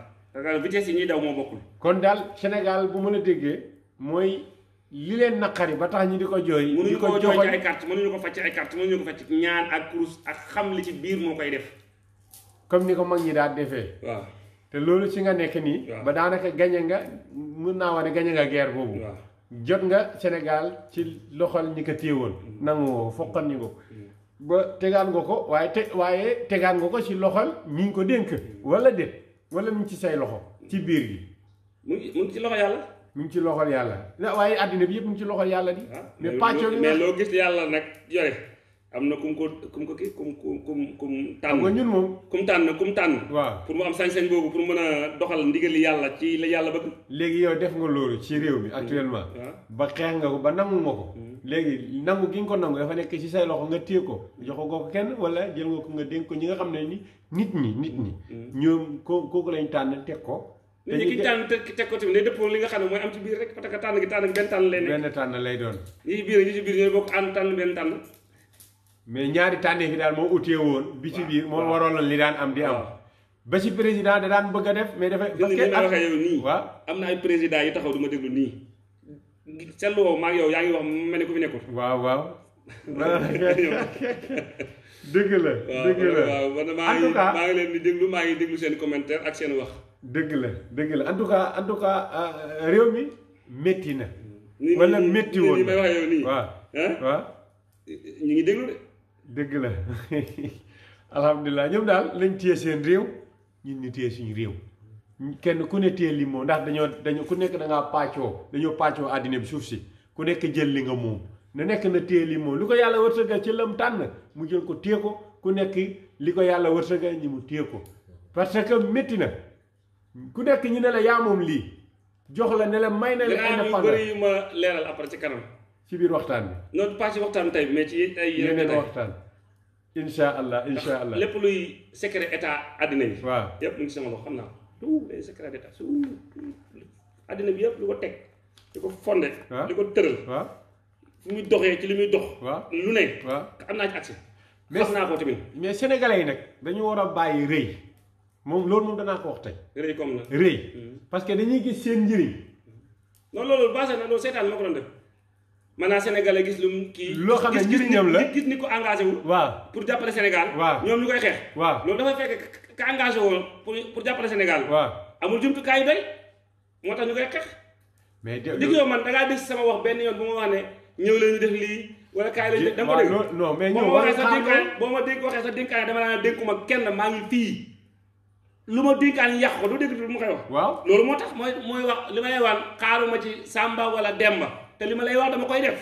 parce que vitesse yi ñuy daw moo bokkul. kon daal Sénégal bu mën a déggee mooy li leen naqari ba tax ñu di ko jooy. di ko jooy mënuñu ko ay carte mënuñu ko fàcc ay carte mënuñu ko fàcc ñaan ak kurus ak xam li ci biir moo koy def. comme ni ko mag ñi daal defee. waa te loolu ci nga nekk nii. ba daanaka gañe nga mun naa wax ne gañe nga guerre boobu. jot nga Sénégal ci loxol ñi ko téewoon. Mm. nangu foqan ñu ko. Mm. ba tegaan nga ko waaye te waaye tegaan nga ko ci loxol ñu ngi ko dénk. Mm. wala déet wala mu ngi ci say loxo ci biir gi. mu ngi mu ngi ci loxo yàlla. mu ngi ci loxol yàlla. waaye àddina bi yëpp mu ngi ci loxol yàlla di. Ah, mais pàccoo mais loo gis yàlla nag yore. am na kum ko kum ko kii kum kum kum kum tànn nga ñun moom kum tànn kum tànn waaw pour mu am sañ-sañ boobu pour mën a doxal ndigali yàlla ci la yàlla bëgg léegi yow def nga loolu ci réew mi mm. actuellement mm. Ah. ba xeex nga ko ba nangu ma ko mm. léegi nangu gi nga ko nangu dafa nekk ci say loxo nga téye ko jox ko kenn wala jël nga ko nga dénk ko ñi nga xam ne ni nit ñi nit ñi ñoom ko kooku lañ tànn teg ko nit ñi ki tànn teg ko tamit day dëppoo li nga xam ne mooy am ci que tànn gi tànn benn mais ñaari tànneef yi daal moo utee woon. bi ci biir moo waroon li daan am di am. ba ci président da daan bëgg def mais dafay. parce que ak yow nii. waaw am na ay président yi taxaw du ma déglu nii. seetlu woo maa ngi yow yaa ngi wax mu mel ne ku fi nekkul. waaw waaw. dëgg [laughs] dëgg la waaw man maa ngi leen di déglu maa ngi déglu seen commentaire ak seen wax. dëgg la dégg la en tout cas en tout cas euh, réew mi métti na. wala métti woon nii may wax yow nii. waaw ngi déglu dëgg la [laughs] alhamdulilah ñoom daal lañ téye seen réew ñu ñu téye suñu réew kenn ku ne téye lii moom ndax dañoo dañoo ku nekk da ngaa pàccoo dañoo pàccoo àddina bi suuf si ku nekk jël li nga moom na nekk na téye li moom lu ko yàlla wërsëgal ci lam tànn mu jël ko téye ko ku nekk li ko yàlla wërsëgal ñi mu téye ko parce que métti na ku nekk ñu ne la yaa moom lii jox la ne la may na la indépendance yu bëri ma leeral après ci kanam ci biir waxtaan bi. non pas ci waxtaan tey mais ci ay. yeneen waxtaan incha allah incha allah lépp luy secret état addina bi. waaw yëpp mu ngi sama xam naa tout les secret bi yëpp lu teg li ko fondé. li muy doxee ci li muy dox. lu ne. waaw naa ko tamit. mais sénégalais yi nag dañu war a bàyyi rëy moom loolu moom danaa ko wax tey. rëy mm. parce que dañuy gis seen njëriñ. non loolu basé na loolu ko doon def. maanaam sénégalais gis lu mu kii. loo xam ne njëriñam la gis ni ko engagé wu. waaw pour jàppale Sénégal. waaw ñoom ñu koy xeex. waaw loolu dafa fekk ka engagé woon pour pour jàppale Sénégal. waaw amul jumtukaay yu doy moo tax ñu koy xeex. mais déggoo man da ngaa sama wax benn yoon bu ma wax ne ñëw leen wala kaay lañ def da nga ko dégg non non mais a xaar boo ma dénk waxee sa dénkaan dama naan dénkuma kenn maa ngi fii lu ma dénkaan yax ko du dégg lu ma koy wax. loolu moo tax mooy mooy wax li may waan xaaruma ci Samba wala Demba te li ma lay wax dama koy def.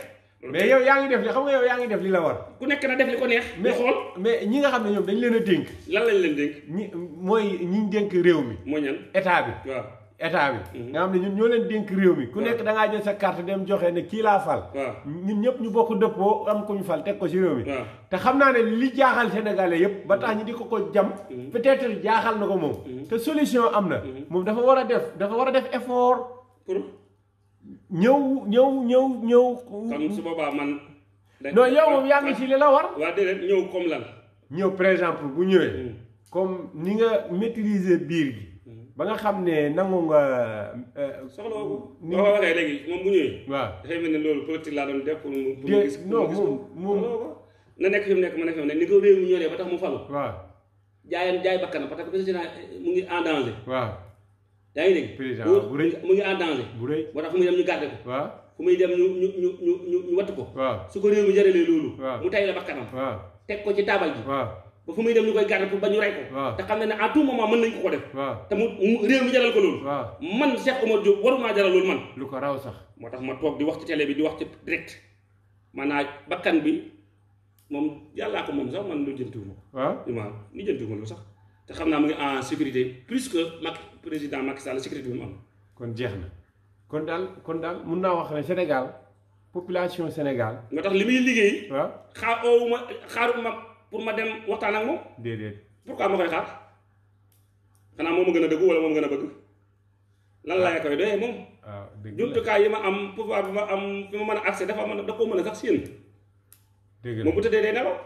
mais yow yaa ngi def li xam nga yow yaa ngi def li la war. ku nekk na def li ko neex. mais xool mais ñi nga xam ne ñoom dañu leen dénk. lan lañ leen dénk. ñi mooy ñi dénk réew mi. mooy ñan état bi. waaw état bi. Mhm. nga xam ne ñun ñoo leen dénk réew mi. ku nekk da ngaa sa carte dem joxe ne kii laa fal. ñun ñëpp ñu bokk dëppoo am ku ñu fal teg ko ci réew mi. te xam naa ne li jaaxal sénégalais yëpp ba tax ñi di ko ko jam. Mhm. peut-être jaaxal na ko moom. Mhm. te solution am na. moom dafa war a dafa war a def effort ñëw ñëw ñëw ñëw. kon su boobaa man. non yow moom yaa ngi ci li la war. waa déedéet ñëw comme lan. ñëw par exemple bu ñëwee. Hmm. comme ni nga maîtriser biir gi. Hmm. ba nga xam ne nangu nga. Euh, euh, soxla ko ni nga ko waxee léegi moom bu ñëwee. waaw dafay mel ne loolu politique laa doon def pour mu. pour mu gis non moom moom na nekk fi mu nekk ma nekk fi mu nekk ni ko réew mi ñoree ba tax mu falu. waaw jaayam jaay bakkanam parce que président mu ngi en danger. waaw. yaa ngi dégg. président bu rëy mu ngi en danger. bu fu muy dem ñu garder ko. fu muy dem ñu ñu ñu ñu ñu watt ko. su ko réew mi jëralee loolu. mu tay la bakkanam. teg ko ci taabal ji. ba fu muy dem ñu koy garder ba ñu rey ko. te xam ne ne à tout moment mën nañ ko ko def. waaw te mu réew mi ko loolu. man Cheikh Omar Diop waruma man. lu ko raw sax. moo tax ma toog di wax ci télé bi di wax ci direct maanaam bakkan bi moom yàllaa ko moom sax man lu jëntuwuma. waaw li ma li lu sax te xam naa mu ngi en sécurité plus que président Macky Sall sécurité bi mu am. kon jeex na kon daal kon daal mun naa wax ne Sénégal population Sénégal. moo tax li muy liggéey. waaw xaar oowu ma xaaru ma pour ma dem waxtaan ak moom. déedéet pourquoi ma koy xaar xanaa moom ma gën a dëggu wala moom ma gën a bëgg lan laa koy doyee moom. waaw ah, dëgg la jumtukaay yi ma am pouvoir bi ma am fi ma mën a accès dafa mën a da koo mën a sax séen. dëgg moom bu tëddee day nelaw.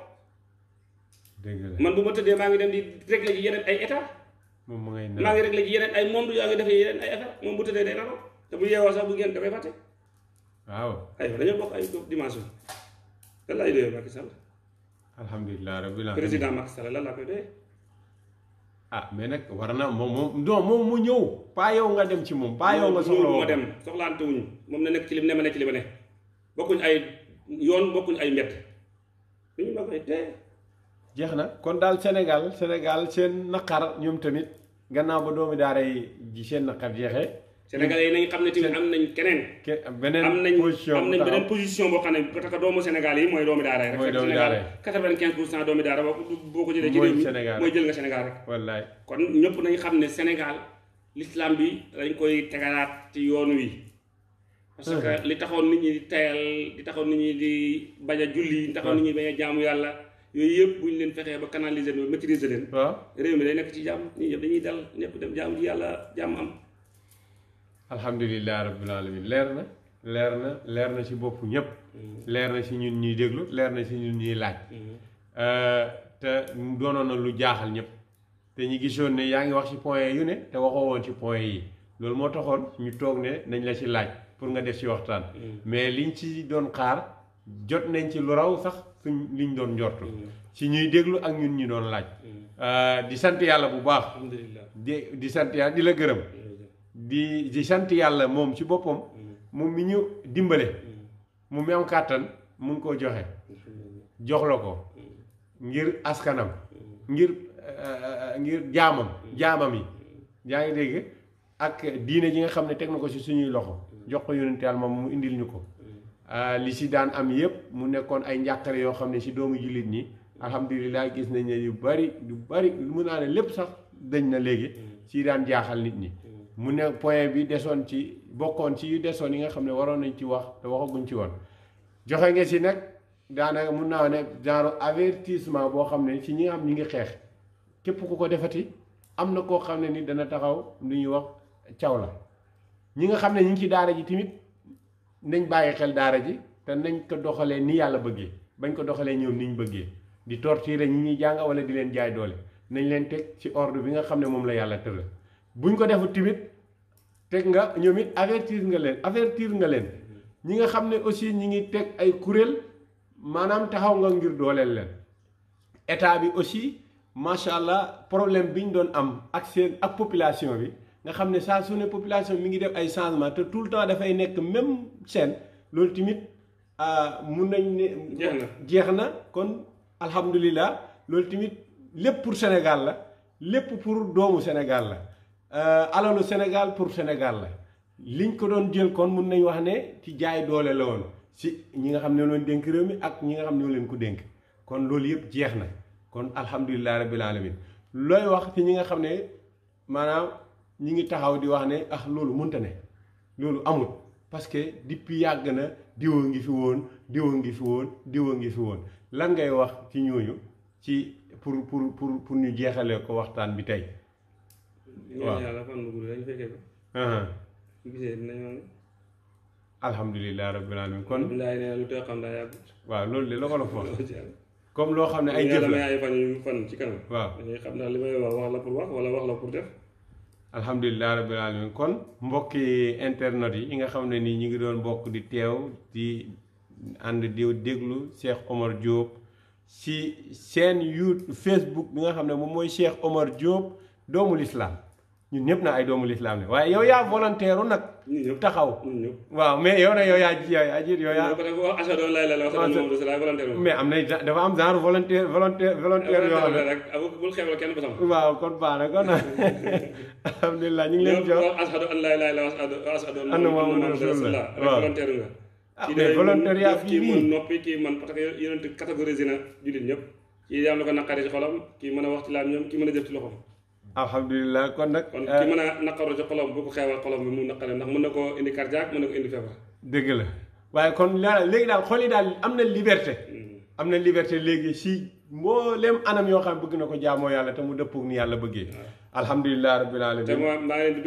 dëgg la man bu ma tëddee maa ngi moom mu ngay maa ngi réglé ci yeneen ay monde yaa ngi defee yeneen ay affaire moom bu tëddee day nelaw te bu yeewoo sax bu ngeen dafay fàtte. waaw ay dimension. lan laay doyee Macky Sall. Ah, mais nag war na moom moom mu ñëw paa yow nga dem ci moom. paa yow nga soxla woo ma dem soxlaante wuñu moom na nekk ci lim ne ma ne ci li ma ne. bokkuñ ay yoon bokkuñ ay mbett jeex na kon daal Sénégal Sénégal seen naqar ñoom tamit. gannaaw ba doomi daara yi ji seen naqar jeexee. Sénégalais yi nañ xam ne tamit am nañ keneen. beneen position am nañ beneen position boo xam ne parce que doomu Sénégal yi mooy doomu daara yi. mooy doomu daara yi rek Sénégal 95 pour cent ko jëlee. ci réew jël nga Sénégal rek. wallaay kon ñëpp nañ xam ne Sénégal l'islam bi dañ koy tegalaat ci yoon wi. parce que li taxoon nit ñi di tayal li taxoon nit ñi di bañ a julli. li taxoon nit ñi bañ jaamu yàlla. yooyu yëpp bu ñu leen fexee ba canaliser leen maîtriser leen. waaw réew mi day nekk ci jàmm ñun ñëpp dañuy dal ñëpp dem jàmm yàlla jàmm am. alhamdulilah rabbil alamin leer na leer na leer na ci bopp ñëpp. Mm-hmm. leer na ci ñun ñuy déglu leer na ci ñun ñuy laaj. Mm-hmm. Euh, te doonoon na lu jaaxal ñëpp. te ñu gisoon ne yaa ngi wax ci point yu ne te waxoo woon ci point yi loolu moo taxoon ñu toog ne nañ la ci laaj pour nga def ci waxtaan. Mm-hmm. mais liñ ci doon xaar jot nañ ci sax. suñ liñ doon njortu si mm. ñuy déglu ak ñun ñu doon laaj mm. euh, di sant yàlla bu baax di di sant yàlla di la gërëm mm. di di sant yàlla moom ci boppam moom mi ñu dimbale mu mi am kàttan mu ngi ko joxe jox la ko ngir askanam ngir euh, ngir jaamam jaamam yi yaa ngi dégg ak diine ji nga xam ne teg na ko ci suñuy loxo jox ko yonent yàlla moom mu indil ñu ko Euh, li si daan am yëpp mu nekkoon ay njàqare yoo xam ne si doomu jullit ñi alhamdulilah gis nañ ne yu bari yu bari mun naa ne lépp sax dañ na léegi ci daan jaaxal nit ñi mu ne point bi desoon ci bokkoon ci yu desoon yi nga xam ne waroon nañ ci wax te waxaguñ ci woon joxe nga si nag daanaka mun naa ne genre avertisement boo xam ne si ñi nga xam ñi ngi xeex képp ku ko defati am na koo xam ne ni dana taxaw lu ñuy wax caw la ñi nga xam ne nañ bàyyi xel daara ji te nañ ko doxalee ni yàlla bëggee bañ ko doxalee ñëw niñ bëggee di torturer ñi ñuy jàng wala di leen jaay doole nañ leen teg ci ordre bi nga xam ne moom la yàlla tëral buñ ko defu timit teg nga ñoom it avertir nga leen avertir nga leen ñi nga xam ne aussi ñi ngi teg ay kuréel maanaam taxaw nga ngir dooleel leen état bi aussi macha allah problème bi ñu doon am ak seen ak population bi nga xam ne saa su ne population mi ngi def ay changement te tout le temps dafay nekk même seen loolu tamit ah, mun nañ ne. jeex na kon alhamdulilah loolu tamit lépp pour Sénégal la lépp pour doomu Sénégal la ah, alalu Sénégal pour Sénégal la liñ ko doon jël kon mun nañ wax ne ci jaay doole la woon si ñi nga xam ne loon dénk réew mi ak ñi nga xam ne ñoo leen ko dénk kon loolu yëpp jeex na kon alhamdulilah rabbil alamin looy wax ci ñi nga xam ne maanaam. ñu ngi taxaw di wax ne ah loolu mënta ne loolu amul parce que depuis yàgg na diwa ngi fi woon diwa ngi fi woon diwa ngi fi woon lan ngay wax ci ñooñu ci pour pour pour pour ñu jeexale ko waxtaan bi tey. waaw yàlla fan bu gudd dañu fekkee ko. Uh-huh. gisee dinañ wax. kon. lu tee xam waaw loolu de la ko [laughs] comme loo xam ne ay jëf la ay fan yu fan ci kanam. waaw wax la pour wax wala wax la pour def. alhamdulilah rabbil alamin kon mbokki internet yi nga xam ne nii ñu ngi doon mbokk di teew di ànd di déglu Cheikh Omar Diop ci seen YouTube Facebook bi nga xam ne moom mooy Cheikh Omar Diop doomu lislaam ñun ñëpp na ay doomu lislaam la waaye yow yaa volontaire nag. taxaw waaw mais yow na yow yaa ji yaa ji am na dafa am genre volontaire volontaire volontaire yoo xam ne. waaw kon [laughs] ñu ngi leen jox. anna ah, volontaire yaa fi nii noppi kii man parce que yéen a catégorisé na jullit ñëpp kii yaa am la ko naqari ci xolam kii a wax ci laam ñoom ki mën a jëf ci loxoom alhamdulilah kon nag. kon euh, ki mën a naqaru ci xolom bu ko xeewal xolom bi mu naqare ndax mun na koo indi cardiaque mën na ko indi feebar. dëgg la waaye kon léegi daal xol yi daal am na liberté. Hmm. am na liberté léegi si mboolem anam yoo xam bëgg na ko jaamoo yàlla te mu dëppoog ni yàlla bëggee. waaw hmm. alhamdulilah rabbil alamin te ma maa leen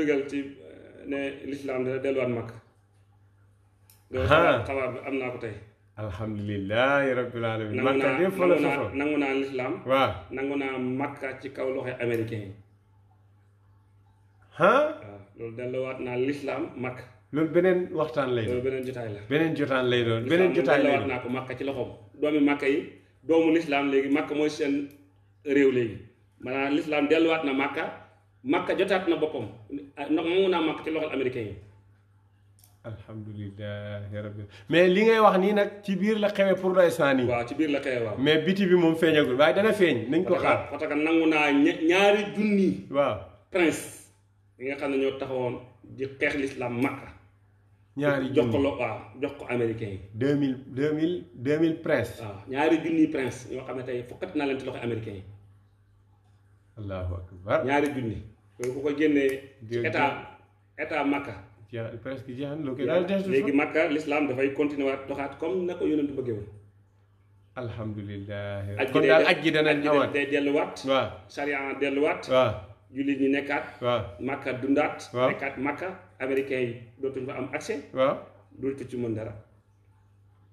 euh, am naa ko tey. alamin. nangu naa nangu lislaam. waaw nangu naa makka ci kaw loxo américain yi. ah loolu delluwaat naa lislaam mag loolu beneen waxtaan lay doon loolu beneen jotaay la beneen jotaan lay doon beneen jotaay lay doon naa ko màkk ci loxoom doomi màkk yi doomu lislaam léegi màkk mooy seen réew léegi maanaam lislaam delluwaat na màkka màkka jotaat na boppam ndax mu naa màkk ci loxol américain yi alhamdulilahi rabbi mais li ngay wax nii nag ci biir la xewe pour l'instant nii waaw ci biir la xewe waaw mais biti bi moom feeñagul waaye dana feeñ nañ ko xaar parce que nangu naa ñaari junni waaw prince bi nga xam ne ñoo taxawoon di xeex lislaam Makka. ñaari jox ko jox ko américain yi. deux mille mille deux mille prince. waaw ñaari junniy yoo xam ne tey fukkat naa leen ci loxo américain yi. allahu akbar ñaari junni. loolu ku ko génnee. ci état Makka. jeex presque jeex na koy daal léegi Makka lislaam dafay continuer doxaat comme na ko yonent bëggee woon. alhamdulilah. kon daal aj gi dana ñëwaat aj gi day delluwaat. waaw charia delluwaat. jullit ñi nekkaat. waaw makka dundaat. waaw nekkaat makka américain yi dootuñ fa am accès. waaw dootu ci mën dara.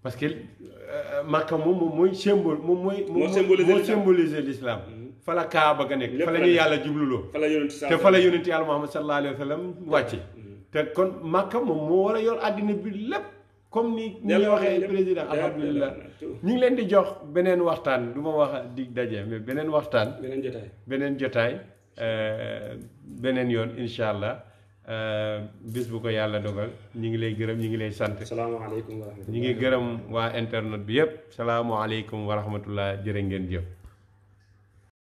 parce que euh, makka moom mooy symbole moom mooy. moo symboliser moo symboliser l'islam. Mm-hmm. fa la kaaba ga nekk. fa la ñu yàlla jubluloo. fa la yonent te fa la yonent yàlla Muhammad sallallahu alayhi wa mm-hmm. wàcce. te kon makka moom moo war a yor àddina bi lépp. comme ni ñu ngi waxee président alhamdulilah ñu ngi leen di jox beneen waxtaan du ma wax dig daje mais beneen waxtaan. beneen jotaay beneen jotaay. Eh, beneen yoon incha allah eh, bis bu ko yàlla dogal ñu ngi lay gërëm ñu ngi lay sant. salaamaaleykum wa rahmatulah ngi gërëm waa internet bi yëpp. salaamaaleykum wa rahmatulah jërë ngeen jëf.